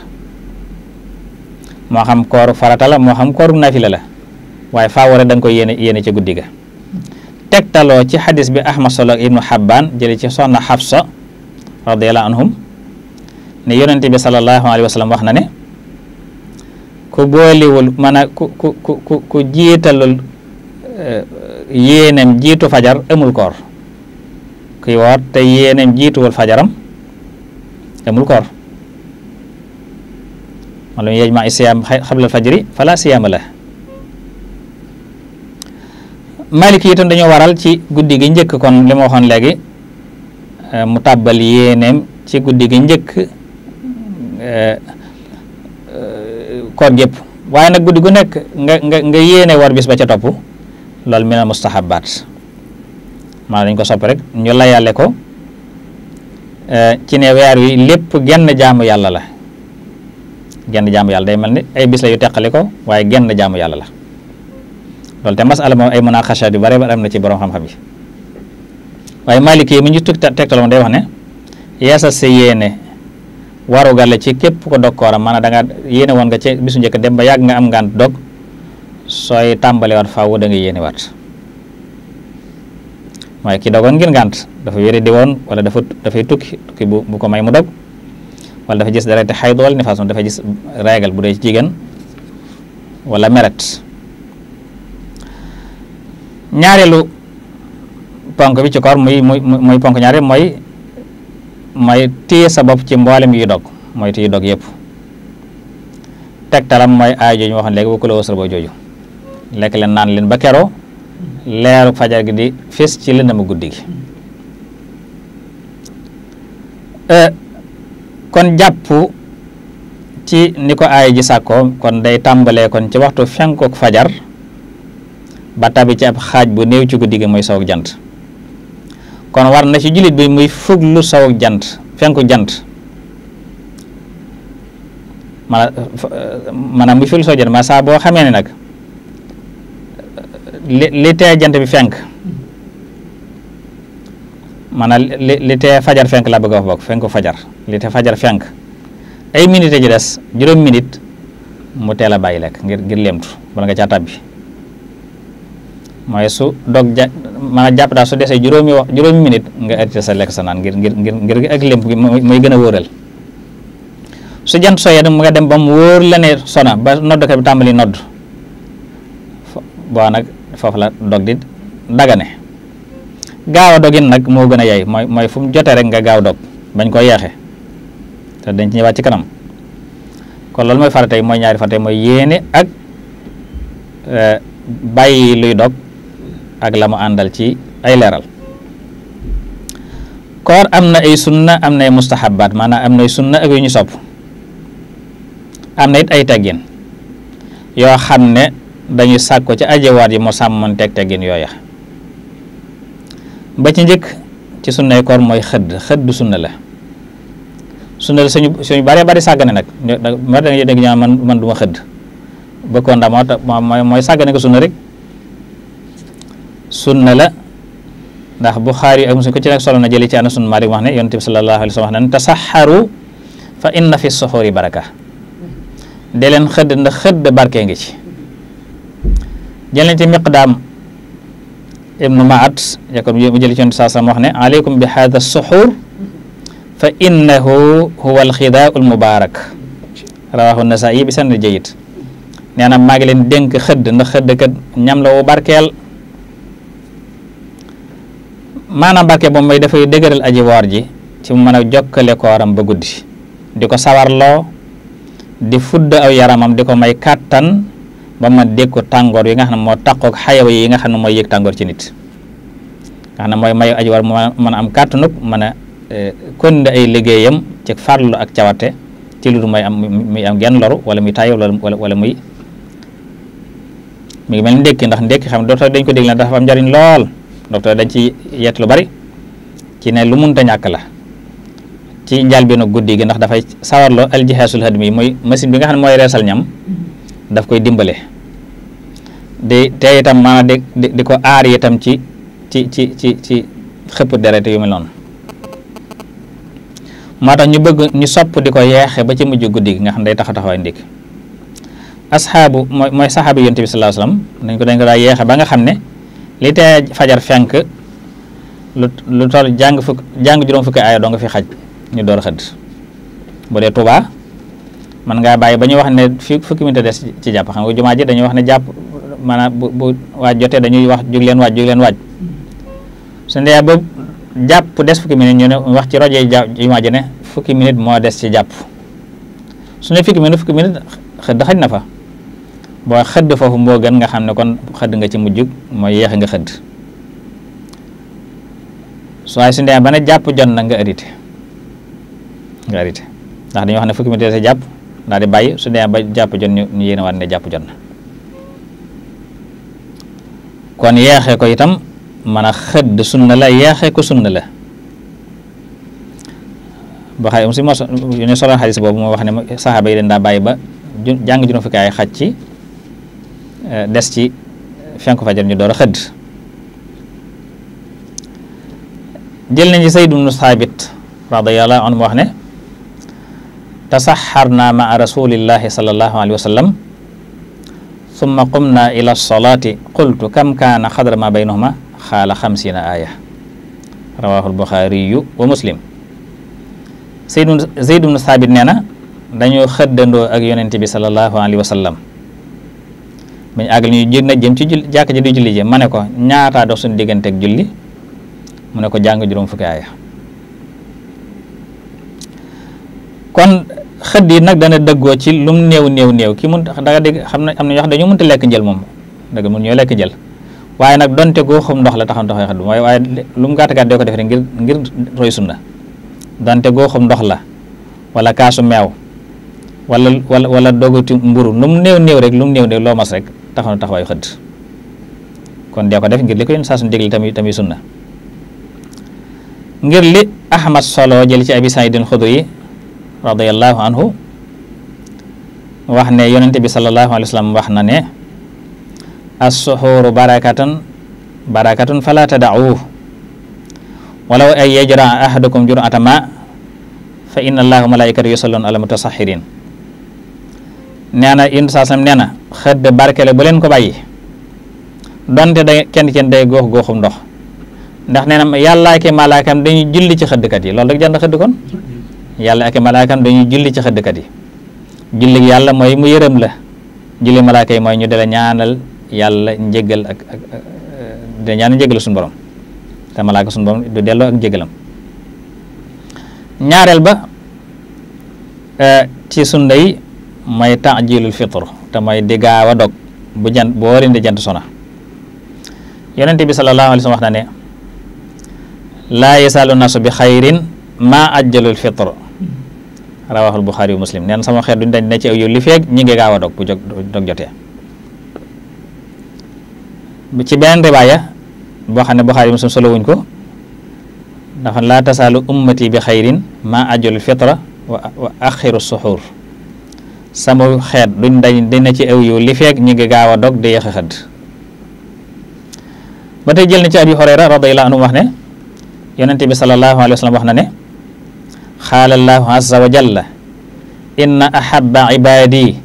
moo xam koor farata la moo xam koor nafila la waaye faa wara da nga koy yéene yéene ci guddi ga tegtaloo ci xadis bi ahmad solo ibnu xabbaan jële ci soxna xafsa radiallahu anhum ne yonente bi salallahu alayhi wa sallam wax na ne ku booliwul maanaam ku ku ku ku jiitalul eh, yéenem jiitu fajar amul koor kuy woor te yéenem jiituwul fajaram amul koor maanaam yajma siyaam xablal fajri fala siyaama la maliki yi itam dañoo waral ci guddi gi ñëk kon li waxon legi léegi euh, mu tàbbal yéeneem ci guddi gi njëkk euh, koor gépp waaye nag guddi gu nekk nga nga nga yéene war bis ba ca topp loolu mi na mustahabaat maanaam dañ ko sopp rek ñu layale ko euh, ci ne weer wi lépp genn jaamu yàlla la genn jaamu yàlla day mel ay bis la yu teqali waaye genn jaamu yàlla la lol te masala moom ay munaqasha di bare bare am na ci borom xam-xam yi waaye Malik yi mu ñu tukki tegtaloon day wax ne yeesal sa yéene warugal la ci képp ko dog kooram maanaam da nga yéene won nga ci bisu njëkk dem ba yag nga am dok soy sooy wat faaw da nga yéene wat mooy ki dogon ngir ngànt dafa wéri di won wala dafa dafay tukki tukki bu ko may mu dog wala dafa gis dara te xay ni façon dafa gis règle bu dee ci jigen wala meret ñaareelu ponk bi ci koor muy muy muy ponk ñaareel mooy mooy téye sa bopp ci mboolem yuy dog mooy téye dog yëpp tegtalam mooy aay jooju waxoon léegi bu ku la ba leen naan leen ba keroo leeru fajar gi di fés ci lëndama guddi gi kon jàpp ci ni ko aay ji sàkkoo kon day tàmbalee kon ci waxtu fenkook fajar bata bi ci ab xaj bu néew ci guddi gi mooy jant kon war na ci julit bi muy fuglu sow jant fenku jant maanaam muy fuglu sow jant ma sa bo xamé ni nak li tay jant bi fenk maanaam li tay fajar fenk la bëgg wax bok fenku fajar li tay fajar fenk ay minute ji dess juroom minute mu téla bayilek. ngir ngir lemtu bala nga ci mooy su dog ja a jàpp daal su desee juróomi wax juróomi minute nga arrêté sa lekk sa naan ngir ngir ngir ngir ak lémp gi muy gën a wóoral su jant sooyee mu nga dem ba mu wóor la sona ba noddukat bi tàmbali nodd boo nag foofu la dog di dagane gaaw a dogin nag moo gën a yay mooy fu mu jotee rek nga gaaw dog bañ koo yeexe te dañ ci ñëwaat ci kanam kon loolu mooy faratey mooy ñaari faratey mooy yéene ak eh, bàyyi luy dog ak lama andal ci ay leral koor amna ay sunna amna ay mustahabbat mana amna ay sunna ak yuñu ñu sopp am it ay taggen yo xamne ne dañuy sàkko ci ajewaat yi mu sàmmoon teg teggin yooya ba ci njëkk ci kor koor mooy xëdd du sunna la sunna la suñu bari bari sagane nak moo tax dégg ñaan man man du ma xëdd bëkkoon moy moo tax ko sunna rek sunna la ndax Buxaari ak Muslim ko ci nekk solo na jëli ci Anas ibn Maalik wax ne yonent bi sallallahu wax ne tasaxaru fa inna fi suxuri baraka de leen xëdd ndax xëdd barke ngi ci jëleen ci miqdaam ibnu maat yakon mu jëli ci yonent saa sallam wax ne aleykum bi hada suxur fa innahu huwa alxidaau almubaarak rawahu nasaa'i bi sanad jayyid nee na maa ngi leen dénk xëdd ndax xëdd kat ñam la wu barkeel Mana maanaam barke boobu mooy dafay degeural aji wor ji ci mu meuna jokale ko kooram ba guddi diko ko sawarloo di fudd aw yaramam diko may katan ba ma deko tangor yi nga xam mo takko ak hayaw yi nga xam ne yek tangor ci nit nga moy may aji wor mu mën am kàttanug mën a e, konde ay liggéeyam ci farlu ak cawate ci lu may am mi am gen loru wala mi walami wala wala muy mi melni dekk ndax dekk xam dootoo dañ ko dégg la dafa am jarign lol docteur dañ ci yeet lu bari ci ne lu munta ñàkk la ci njëlbéenu guddi gi ndax dafay sawarloo aljihaasul hadmi muy machine bi nga xam ne mooy reesal ñam daf koy dimbale di te itam maanaam di di ko aar itam ci ci ci ci ci xëpp deret yu mel noonu moo tax ñu bëgg ñu sopp di ko yeexe ba ci mujj guddi gi nga xam ne day taxa taxawaay ndig asxaabu mooy mooy saxaabi yonent bi sallallahu alayhi ko dañ ko daa yeexe ba nga xam ne li fajar fenk lu lu toll jàng fukk jàng juróom fukki aaya doo nga fi xaj ñu door xëdd bu dee Tuubaa mën ngaa bàyyi ba ñu wax ne fi fukki minute des ci jàpp xam nga jumaa ji dañuy wax ne jàpp maanaam bu bu waaj jotee dañuy wax jóg leen waaj jóg waaj su ndee ba des fukki minute ñu ne wax ci rajo yi jumaa ji ne fukki minute moo des ci jàpp su ne fukki minute fukki minute xëdd xaj na fa bo xëdd fofu moo gën nga xam ne kon xëdd nga ci mujjug mooy yéex nga xëdd su waaye su ndee ba ne jàpp jot na nga arrêté nga arrêté ndax dañu wax ne fukki minute sa jàpp daal di bàyyi su ndee ba jàpp jot ñu ñu yéene waat ne jàpp jot na kon yeexee ko itam mën a xëdd sunna la yeexee ko sunna la ba xay um si mos yu ne solo xadis boobu moo wax ne saxaaba yi den daa bàyyi ba jàng juróom fukki ay xaj ci Euh, des ci fenku fajar ñu a xëdd jël nañ ci Zayd ibnu Saabit radiyallahu anhu wax ne tasaxarna maa rasulillahi sallallahu alayhi wa sallam qumna ila salaati qultu kam kaana xadra ma baynahuma xaala xamsina aaya rawahu albuxaariyu wa muslim Zayd ibnu Saabit nee na dañoo xëddandoo ak yonente bi sallallahu alayhi wa sallam bañ àggal ñu na jëm ci julli jàkk ji du julli jëm mané ko ñaata dox sun digënté ak julli mané ko jang juroom fukki aaya kon xëd yi nak dana deggo ci lum neew neew neew ki mun da nga deg xamna na am na ñoo dañu mënta lekk njël moom dëgg mun ñoo lekk jël waye nak donte go xam ndox la taxam ndox xëd waye waye lu mu gatt gàtt dee ko def ngir ngir roy sunna donte go xam ndox la wala kaasu meew wala wala wala dogati mburu num neew neew rek lum neew néew lo mas rek taxaw takwa xëd kon dia ko def ngir li ko yéen saa tammi tammi sunna ngir li ahmad solo jël ci abi khudri radiyallahu anhu wax ne yonente bi sallallahu alaihi wasallam sallam wax na ne barakatan barakatun fala tad'u Walau ay yajra ahadukum jur'atama fa inna allaha malaikatu yusallun ala mutasahhirin nee na yonent saa sam nee na xët de barkele bu leen ko bàyyi donte da kenn kenn day góox góoxum ndox ndax nee na yàlla ak malaakam dañuy julli ci xëddkat yi loolu rek jënd xëdd kon yàlla malaakam dañuy julli ci xëddkat yi julli yàlla mooy mu yërëm la julli malaaka yi mooy ñu dala ñaanal yàlla njëgal ak ak dina ñaanal njëgal suñu borom te malaaka suñu borom du delloo ak njëgalam ñaareel ba eh, ci sunna yi may ta'jilul fitr ta may di gaaw dog bu jant bo leen di jant sona yonent bi sallallahu alaihi wasallam waxna ma ne la yasalu nasu bi khairin ma ajjalul fitr muslim Nian sama xet duñ dañ ne ci yow li feeg ñi nga gawa dog bu dog ci ben riwaya bo bukhari muslim solo wuñ ko dafa la tasalu ummati bi khairin ma ajjalul fitra wa akhiru suhur. sama xeet duñ dañ dina ci aw yiw li feeg ñu ngi gaaw a dog di yéex a xëdd jël na ci abi Hurayra radiyallahu anhu wax ne yonente bi sallallahu alayhi wa sallam wax na ne xaala allahu azza wa jalla inna ahabba ibadi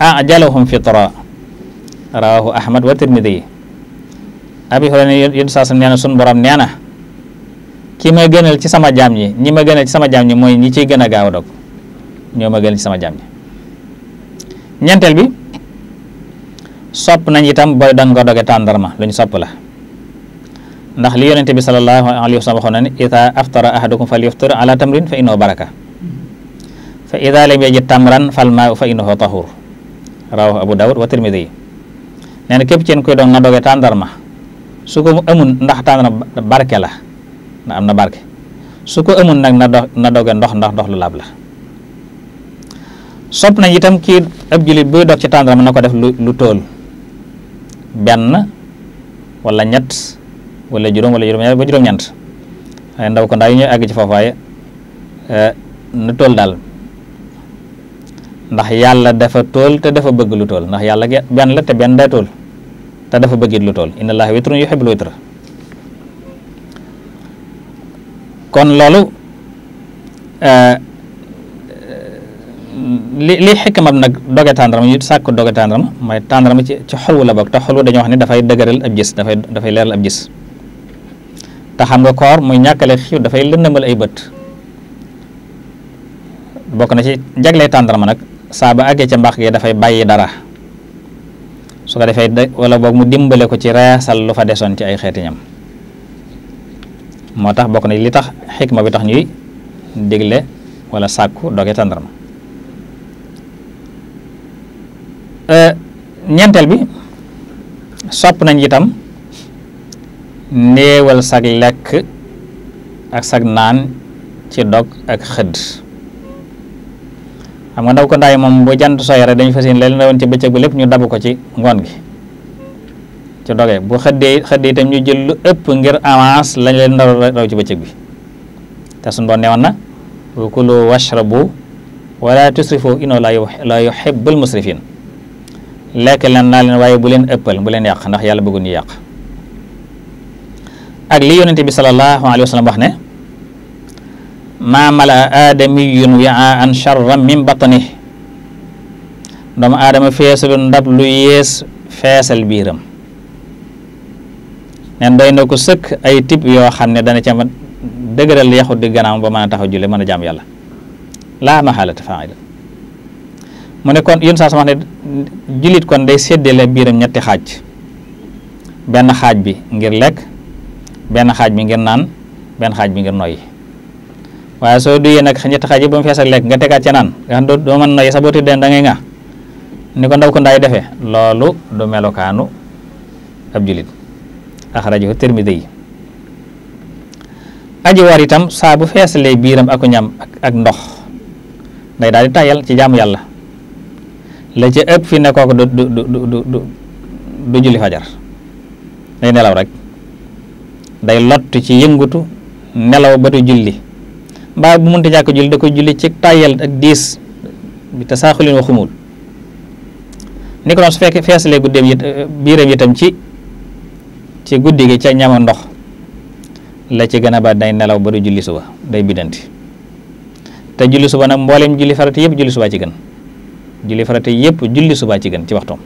ajalahum fitra rawahu ahmad wa tirmidi yi abi Hurayra yun saasam nee na sun borom nee na ki ma gënal ci sama jaam yi ñi ma gënal ci sama jaam ñi mooy ñi ciy gën a gaaw a dog ñoo ma gënal ci sama jaam ñi ñentel bi sop nañ itam booy dang nga doge tandarma lu sop la ndax li yonente bi sallallahu alaihi wasallam waxon ni na aftara ahadukum falyaftur ala tamrin fa inna baraka fa ida lam yajid tamran fal maa'u fa innahu tahur rawahu abu dawud wa tirmidhi neena kep ci en koy suku nga doge tandarma su ko amul ndax tandarma barke la na amna barke su ko na doge ndox ndax ndox lu lab la sop nañ itam ki ab julit bu dog ci tàndarma na ko def lu tol ben wala ñet wala juroom wala juroom ñett ba ñant ay ndaw ko ndaw ñu ag ci fofaay euh nu tol dal ndax yalla dafa tol te dafa bëgg lu tol ndax yalla ben la te ben da tol te dafa bëgg lu tol inna allaha witrun yuhibbul witra kon loolu eh, li li xikmam nag doge tàndarma ñu sàkk doge tàndarma mooy tàndarma ci ci xolwu la bokk te xolwu dañoo wax ne dafay dëgëral ab gis dafay dafay leeral ab gis te xam nga koor muy ñàkkale xiw dafay lëndëmal ay bët bokk na ci jagley tàndarma nag saa ba àggee ca mbaax gi dafay bàyyi dara su ko defee wala boog mu dimbale ko ci reesal lu fa desoon ci ay xeeti moo tax bokk na li tax xikma bi tax ñuy digle wala sàkku doge tàndarma Eh, ñentel bi sop nañ itam neewal sak lek ak sag naan ci dog ak xëdd xam nga ndaw ko ndaay moom bu jant soy rek dañ fa seen leen rewon ci bëccëg bi lépp ñu dabu ko ci ngoon gi ci doge bu xëddee xëddee itam ñu jël lu ëpp ngir avance lañ leen ndaw raw ci bëccëg bi te suñ boo newoon na wa kulu washrabu wala tusrifu layo la yuhibbul musrifin lekk leen naa leen waaye bu leen ëppal bu leen yàq ndax yàlla bëggu ñu yàq ak li yonente bi sallallahu alayhi wa sallam wax ne maa mala aadamiyun wi'aan charran min batnih doomu aadama feesalu ndab lu yées feesal biiram nen doy na ko sëkk ay tib yoo xam ne dana ca ma dëgëral yaxu di ganaam ba mën a taxaw julli mën a jaam yàlla laa maxaalata faa'ila mu ne kon yén saa sama ne jullit kon day séddale biiram ñetti xaaj benn xaaj bi ngir lekk benn xaaj bi ngir naan benn xaaj bi ngir noyyi waaye soo duyee nag ñetti xaaj yi ba mu fees lekk nga tegaat ca naan nga xam doo mën noyyi sa boo tëddee da ngay nga ni ko ndaw ko ndaay defee loolu du melokaanu ab jullit axrajahu Tirmidi yi aji war itam saa bu feesalee biiram aku ñam ak ndox nday daal di tayal ci jaamu yàlla la ci ëpp fi ne ko du du du du du julli fajar day nelaw rek day lott ci yëngutu nelaw ba du julli mbaa bu munta jàkk julli da koy julli ci tàyyal ak diis bi te saaxulin wa ni ko noonu su fekkee feesalee guddeem yi biiram ci ci guddi gi ñama ndox la ci gën ba day nelaw ba du julli suba day biddanti te julli suba nag mbooleem julli farata yëpp julli suba ci gën julli farata yep julli suba ci gën ci waxtom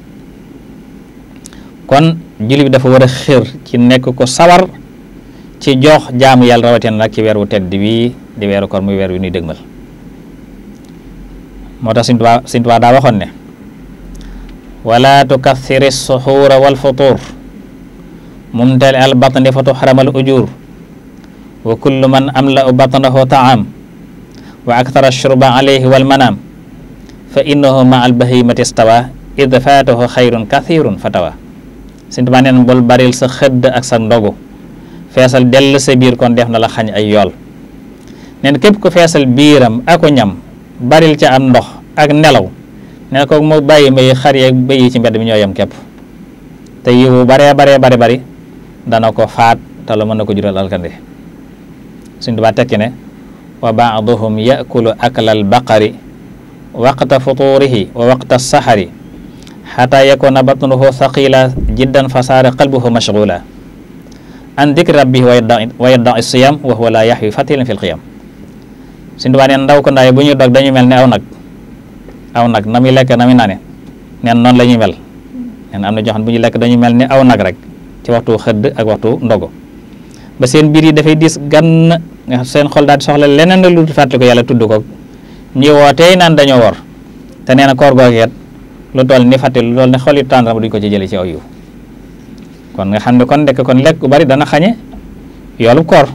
kon julli bi dafa wara xir ci nek ko sawar ci jox jaamu yalla rawatina nak ci weer wu tedd wi di weeru ko muy weer wi ni deggal motax tax Sëñ Tuubaa Sëñ da waxon ne wala suhur wal futur mumtali al batn fa al ujur wa kullu man amla batnahu taam wa akthara shurba alayhi wal manam fa innahu ma'al bahimati istawa fatahu khairun kathirun fatawa sint manen bol baril sa xëdd ak sa ndogo fessel del sa bir kon def na la xagn ay nen kep ko fessel biram ak ko ñam baril ci am ndox ak nelaw ne ko mo baye may xari ak baye ci mbedd mi ñoo yem képp te yiwu bare bare bare bari dana ko faat ta la man ko jural alkande sint ba tekene wa ba'dhum yakulu al baqari waqta futurihi wa waqta sahari xataa yakuna batnuhu thaqila jiddan fa saara qalbuhu mashgula an dikri rabbihi wa yadda'i siyam wa huwa la yahwi fatilan fil qiyam Sëñ Tuubaa neen ndaw ko ndaay bu ñuy dog dañuy mel ni aw nag aw nag na muy lekk na muy naane neen noonu lañuy ñuy mel neen am na ñoo bu ñuy lekk dañuy mel ni aw nag rek ci waxtu xëdd ak waxtu ndogu ba seen biir yi dafay diis gann seen xol daal soxla leneen la lu fàttali ko yàlla tudd ko ñi wootee naan dañoo war nee na koor googeet lu toll ni fàtte lu toll ni ko ci jëlee ci kon nga xam ne kon ndekk kon lekk bu bari dana xañe yoolu koor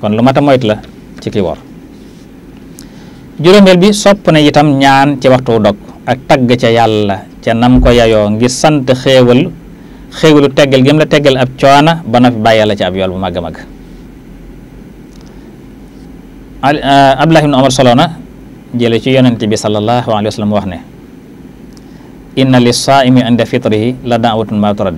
kon lu mat a la ci ki wor juróomeel bi sopp na itam ñaan ci waxtu dog ak tagg ca yàlla ca nam ko yayoo ngi sant xéewal xéewalu teggal gém la teggal ab coona ba na fi bàyyi la ci ab yool bu màgg a màgg euh, Abdullah ibn Umar solo jele ci yonent bi sallallahu alaihi wasallam sallam wax ne inna lis-sa'imi inda fitrihi la da'watun ma turad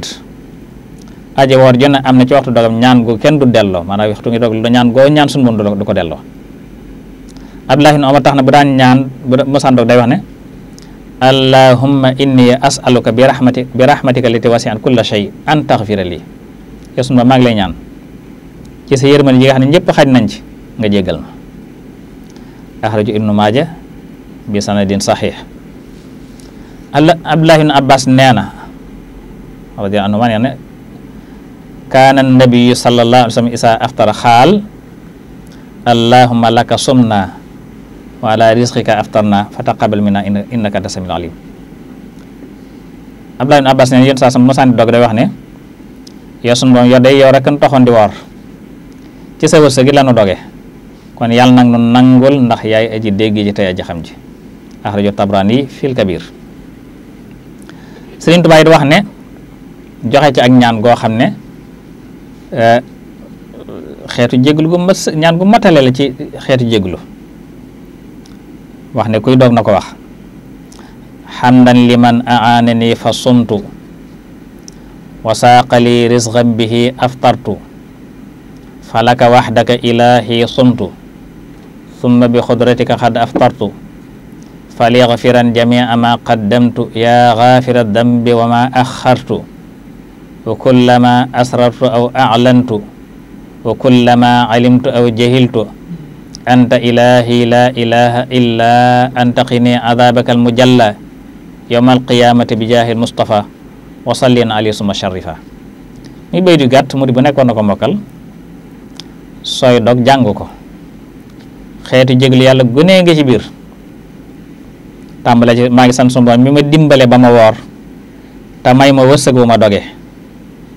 aje wor jonne amna ci waxtu dogam ñaan gu kenn du dello manaw waxtu ngi dog ñaan go ñaan sun mundu du ko dello Abdullah ibn Umar taxna bu daan ñaan bu mosaan dog day wax ne allahumma inni as'aluka bi rahmati bi rahmatika lati wasi'at kulla shay an taghfir li yasun sunu mag lay ñaan ci sa yërmande yi nga xam ñepp xaj nañ ci nga jéggal ma akhraju ibnu majah bi sanadin sahih Abdullah ibn Abbas niana. radi anhu man yana kana an nabiyyu sallallahu alaihi wasallam isa aftara allahumma laka sumna wa ala rizqika aftarna fataqabbal minna innaka antas alim Abdullah ibn Abbas nee na sa saa sama san dog day wax ne yow sun bo yo day yo rek kan di ci sa gi doge kon yàlla nag nu nangul ndax yaay aji dégg ji tey aji xam ji axrajo tabrani fil kabir sëriñ Tuubaa wax ne joxe ci ak ñaan goo xam ne eh, xeetu jéglu gu mas ñaan gu matale la ci xeetu jéglu wax ne kuy doog na ko wax xamdan liman aanani fa sumtu wasaaqali rizqan bihi aftartu falaka waxdaka ilaahi sumtu ثم بخضرتك قد أفطرت فليغفرا جميع ما قدمت يا غافر الذنب وما أخرت وكلما أسررت أو أعلنت وكلما علمت أو جهلت أنت إلهي لا إله إلا أنت قني عذابك المجلى يوم القيامة بجاه المصطفى وصلي عليه ثم شرفا ni bay du gatt mo di bu nekkoon na ko mokkal sooy dog jangugo ko xeetu jéglu yàlla ne nga ci biir tàmbale ci maa ngi sant sun borom mi ma dimbale ba ma woor te may ma wërsëg bu ma doge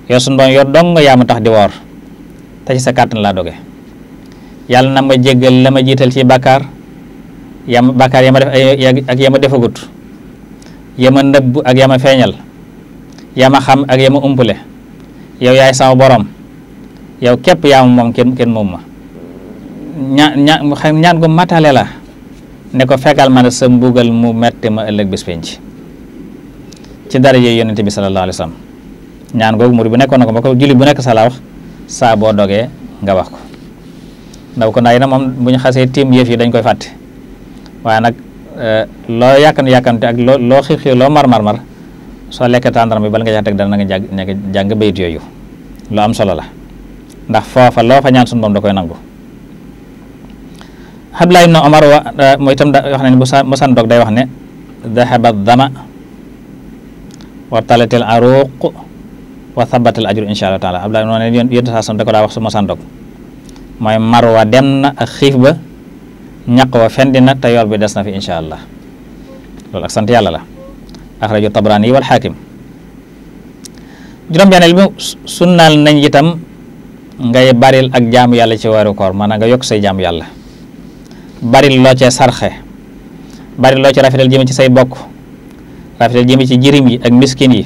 yow sun borom yow dong yaa ma tax di woor te ci sa kàttan laa doge yàlla na ma jéggal la ma jiital ci bàkkaar yam ma bàkkaar ya ma def ya, ak ya ma defagut ya ma nëbb ak ya ma feeñal ya ma xam ak ya ma umpule yow yaay sama borom yow képp yaa ma moom kenn kenn moom ma nyan ñaan gu matale la ne ko fekkal ma sa mbugal mu metti ma ëllëg bis penc ci daraje yonnati bi sallallahu alaihi wasallam sallam ñaan googu murid bu nekkoon ko julli bu nek sa wax sa bo doge nga wax ko ndaw ko na moom xasse tim yef yi dañ koy waye nak euh, lo yakkan yakkan te ak lo xex mar mar mar so lekkee tandram bi bal nga jatt ak dara nga jang jang beet yoyu lo am solo la ndax fofa lo fa ñaan sun mom da koy nangu habla ibn Omar wa moy tam da wax musan dog day wax ne dhahaba dama wa talatil aruq wa thabatal ajr insha Allah taala Abdullah noonu ne yonent saa da ko da wax su musan dog moy wa dem na ak xif ba ñak wa fendi na tayor bi dess na fi insha Allah lol ak sant yalla la tabrani wal hakim. juram benneel bi sunnal nañ itam ngay baril ak jaamu yalla ci waru koor man nga yok say jaamu yalla bari loo cee sarxe bari loo ci rafetal jëme ci say bokk rafetal jëme ci jirim yi ak miskin yi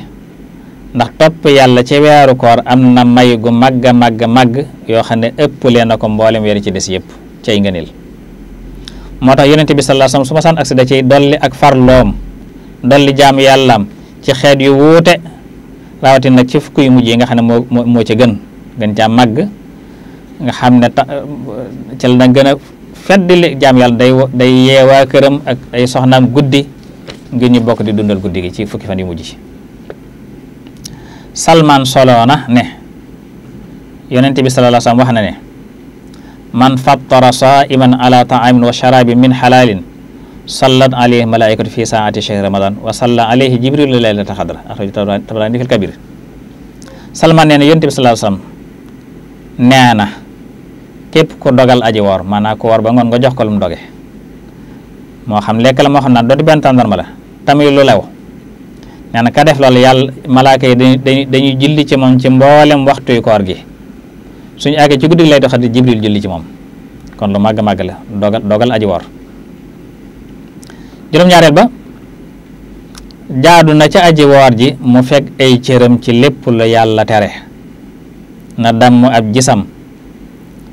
ndax topp yàlla ci weeru koor am na may gu màgg a màgg yoo xam ne ëpp leen na ko mboolem weer ci des yëpp cay ngëneel moo tax yonente bi sa alayhi suma su ma saan agsi da ciy dolli ak farloom dolli jaam yàllaam ci xeet yu wuute rawatin nag ci fukk yu mujj yi nga xam ne moo moo ci gën gën caa màgg nga xam ne ta ci la gën feddali jaam yàlla day day këram ak ay soxnaam guddi ngir ñu bokk di dundal guddi ci fukki fan yu mujj ci salman soloona ne yonent bi sallallahu alayhi wax na ne man fattara saa'iman ala ta'amin wa sharabin min halalin sallat alayhi fi saati shahri ramadan wa salla alayhi jibrilu laylata xadra axrajo tabarani fil kabir salman nee na yonent bi sallallahu alayhi wa Kepu ku dogal aji wor mana ku wor ba ngon nga jox ko lum doge mo xam lek la mo xam do di benn tàndarma mala tamit lu lew nee ka def loolu yal malaika yi dañuy julli ci mom ci waxtu yu gi suñu àggee ci guddi lay doxati jibril julli ci mom kon lu mag mag la dogal dogal aji wor juróom ñaarel ba jaadu na ci aji wor ji mu fek ay ci lepp lu yalla tere na ab jisam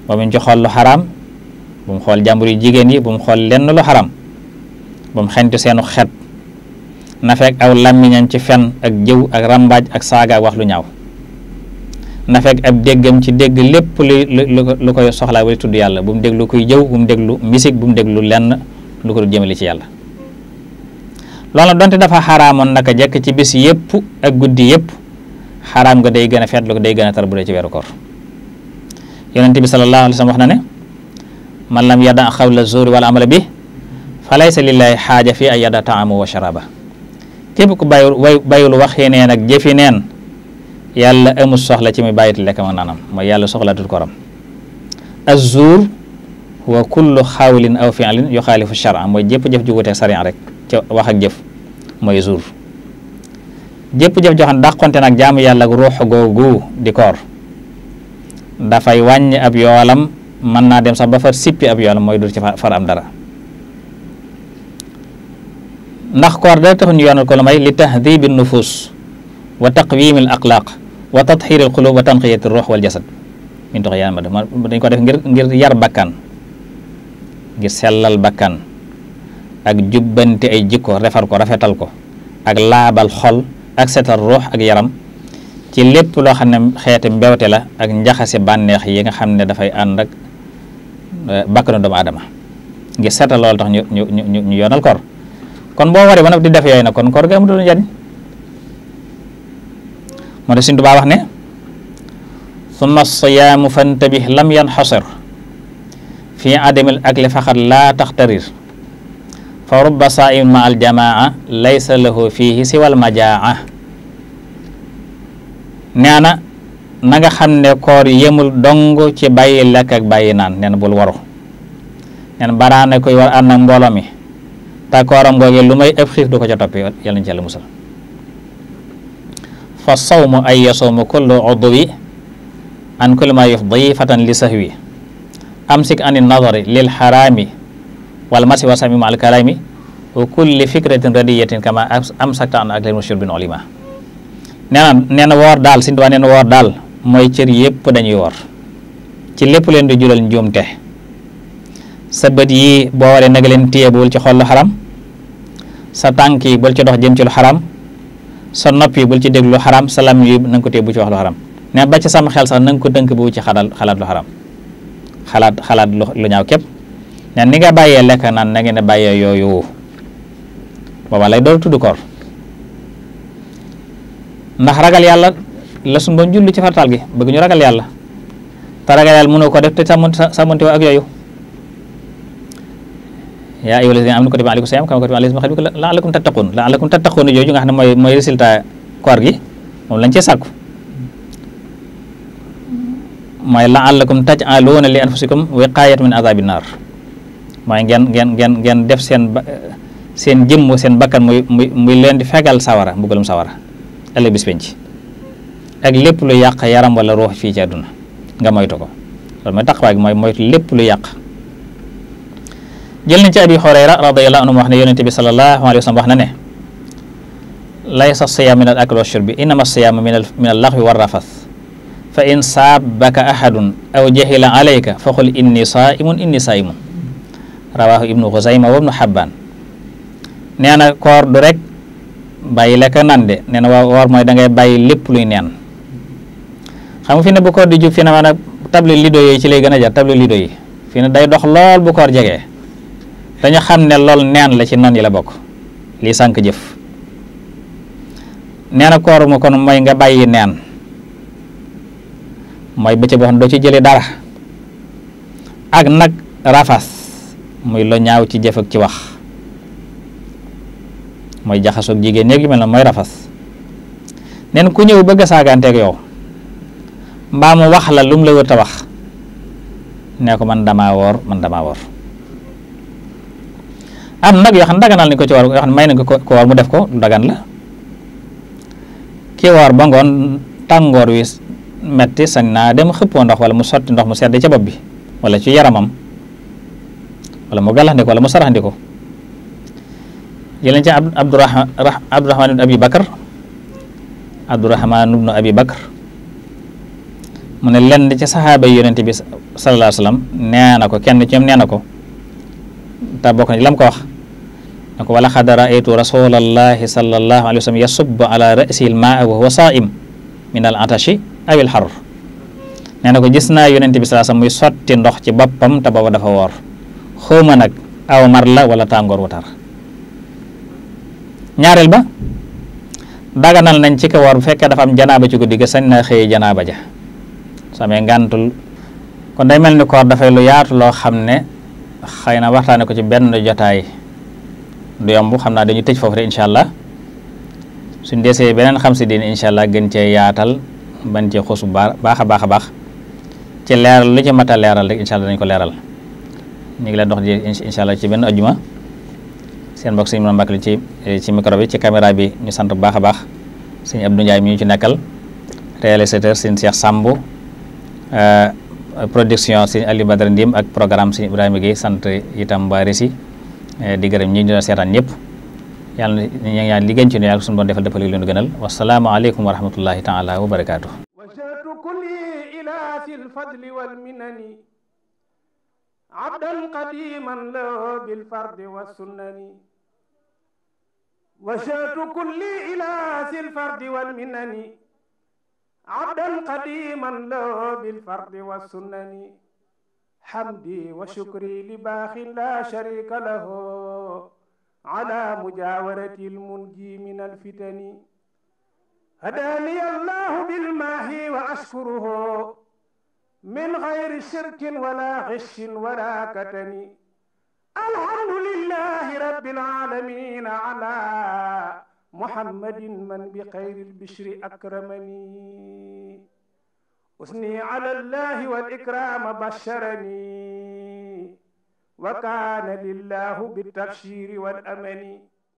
moom ci xool lu haram bu mu xool jàmbur yu yi bu mu xool lenn lu haram bu mu xentu senu xet na fek aw ñan ci fen ak jew ak rambaaj ak saga wax lu ñaaw na fek ab deggam ci degg lepp lu lu koy soxla way tuddu yalla bu mu lu koy jew bu mu lu misik bu mu lu len lu ko du ci yalla lolu donte dafa xaraamoon naka jek ci bis yep ak guddi yep haram nga day gëna fet lu day gëna tarbu ci weeru koor yonent bi sallallahu alayhi wax na ne man lam yada xawla zuuri wala amala bi fa laysa lillahi xaaja fi ay yada taamu wa sharaba képp ku bayul bayul ak jëfi neen yàlla soxla ci mi bàyyiti lekkam ak naanam mooy yàlla soxlaatul koram azzuur wa kullu xawlin aw fi'lin yuxaalifu shara mooy jëpp jëf ju wuteeg rek ca wax ak jëf mooy zuur jëpp jëf joxan dàqonte nag jaamu yàlla ruux googu di dafay wàññi ab yoolam mën naa dem sax ba far sippi ab yoolam mooy dur ci far am dara ndax koor dara taxu ñu yoonal ko lu may li tahdibi nufus wa taqwimil axlaaq wa tatxiril xulub wa tanqiyati ruux wal jasad min tax yaan ma def dañ ko def ngir ngir yar bakkan ngir sellal bakkan ak jubbante ay jikko refar ko rafetal ko ak laabal xol ak setal ruux ak yaram ci lepp lo xamne ne mbewte la ak njaxase banex yi nga xamne da fay and ak eh, bakkanu do aadama ngir sata lol tax ñu ñu ñu ñu kor kon bo waree ba di def yoy na kon kor do ñu jani mo tax sintu ba wax ne summa siyam fantabih lam yanhasir fi adamil akli faqat la taxtarir fa rubba sa'im ma aljamaa laysa lahu fihi al majaa nee na nga xam ne koor yemul dong ci bàyyi lekk ak bàyyi naan neen bul waru neen baraane koy war ànd ak mbooloo mi te kooram googu lu may ëpp xiif du ko ca topp yal nañ ci yàlla musal fa sawmu ay ma yufdi fatan li sahwi wa samima al kalami wa kulli fikratin radiyatin kama amsakta an aklil bin olima nena nena wor dal woor daal Sëñ Tuubaa nee na woor cër yépp dañuy woor ci lépp leen di julal njuumte sa bët yi bo waré nag leen bul ci xol haram sa tanki bul ci dox jëm ci lu sa nopp bul ci déglu haram salam yi nang ko téye ci wax lu haram ba ci sama xel sax nang ko dënk bu ci xalaat xalat lu haram xalat xalat lu ñaaw képp nee ni nga bàyyee lek naan na ngeen ne yoyu baba lay do tuddu kor ndax ragal yalla la sun boom julli ci fartal gi bëgg ñu ragal yalla ta ragal yalla mëno ko def te samonté ak ayu yaa ayyuhal lazina amanu kutiba alaykumus kam kama kutiba alal lazina min la la'allakum tattaqun la'allakum tattaqun yoyu nga xam moy moy resultat koor gi mom lañ sakku may la alakum taj'aluna li anfusikum wiqayatan min adhabin nar may ngeen ngeen ngeen ngeen def sen sen jëm sen bakkan muy muy len di fegal sawara mbugalum sawara ëllëg bis penc ak lépp lu yàq yaram wala ruux fii ci àdduna nga moytu ko loolu mooy taqwa gi lépp lu yàq jël nañ abi xurayra radiyallahu anhu wax ne yonente bi sallallahu alayhi wa sallam wax na ne laysa siyaam min al akli wa shurbi innama siyaamu min al wa rafas fa in saabaka ahadun aw jahila alayka fa qul inni saa'imun inni saa'imun rawahu ibnu xusayma wa ibnu xabbaan nee na rek Bayi lek nande, de nee na woor mooy da ngay bàyyi lepp luy neen xam fi ne bu ko di jub fi ne maanaam table lido yooyu ci lay gëna jaar jar table lido yi fi ne day dox lol bu koor jegee dañu xam ne lol neen la ci nan yi la bok li sank jëf koor mu kon moy nga moy becc bo xam do ci jëlé dara ak nak rafas muy lo ñaaw ci jëf ak ci wax mooy jaxasoog jigéen ñeeg yu mel noonu mooy rafas nen ku ñëw bëgg a yow mbaa mu wax la lu mu la wër wax nee ko man damaa woor man damaa woor am nag yoo xam ne ni ko ci woor yoo ne may nañ ko ko woor mu def ko lu dagan la ki woor ba ngoon tàngoor wi metti sañ naa dem xëppoo ndox wala mu sotti ndox mu sedd ci bopp bi wala ci yaramam walla mu gàllaxndiku wala mu saraxndiku jëleen ci abdourahman ibnu abi bakar abdourahman ibnu abi bakar mu ne lenn ci saxaaba yi yonente bi sallallahu ko kenn ci ñoom nee na ko te bokk na ko wax ne ko wala xad raaytu rasulallahi sallallahu alayhi wa sallam yasubu ala rasihi lmaa wa ko gis naa yonente bi sallallahu alayhi sotti ndox ci boppam te booba dafa woor xawma nag aw la wala tàngoor wu ñaarel ba daganal nañ ci ko war bu fekkee dafa am janaba ci guddiga sañ na xey janaba ja samé ngantul kon day melni ni da fay lu yaatu lo xamne ne waxtane ko ci benn jotaay du yomb xamna dañu tejj fofu re inshallah allah suñ desee beneen xam ci diin inshallah gën ci yaatal ban ci xosu baaxa baaxa a baax ci leral lu ci mata leral rek inshallah dañ ko leral ñu ngi la dox di inshallah ci benn aljuma seen mbokk seen mbàkk li ci ci micro bi ci caméra bi ñu sant bu baax a baax seen Abdou Ndiaye mi ñu ci nekkal réalisateur seen Cheikh Samb eh, production seen Ali Badara Ndim ak programme seen Ibrahima Gueye sant itam waa Rési eh, di gërëm ñi ñu doon seetaan ñëpp yàlla ñu ngi ñaan liggéey ci ne yàlla suñu doon defal defal leen gënal wasalaamaaleykum wa rahmatullahi taala wa barakaatu. عبدا قديما له بالفرد والسنن وشات كل إله الفرد والمنن عبدا قديما له بالفرد والسنن حمدي وشكري لباخ لا شريك له على مجاورة المنجي من الفتن هداني الله بالماهي وأشكره من غير شرك ولا غش ولا كتن الحمد لله رب العالمين على محمد من بخير البشر أكرمني أثني على الله والإكرام بشرني وكان لله بالتبشير والأمن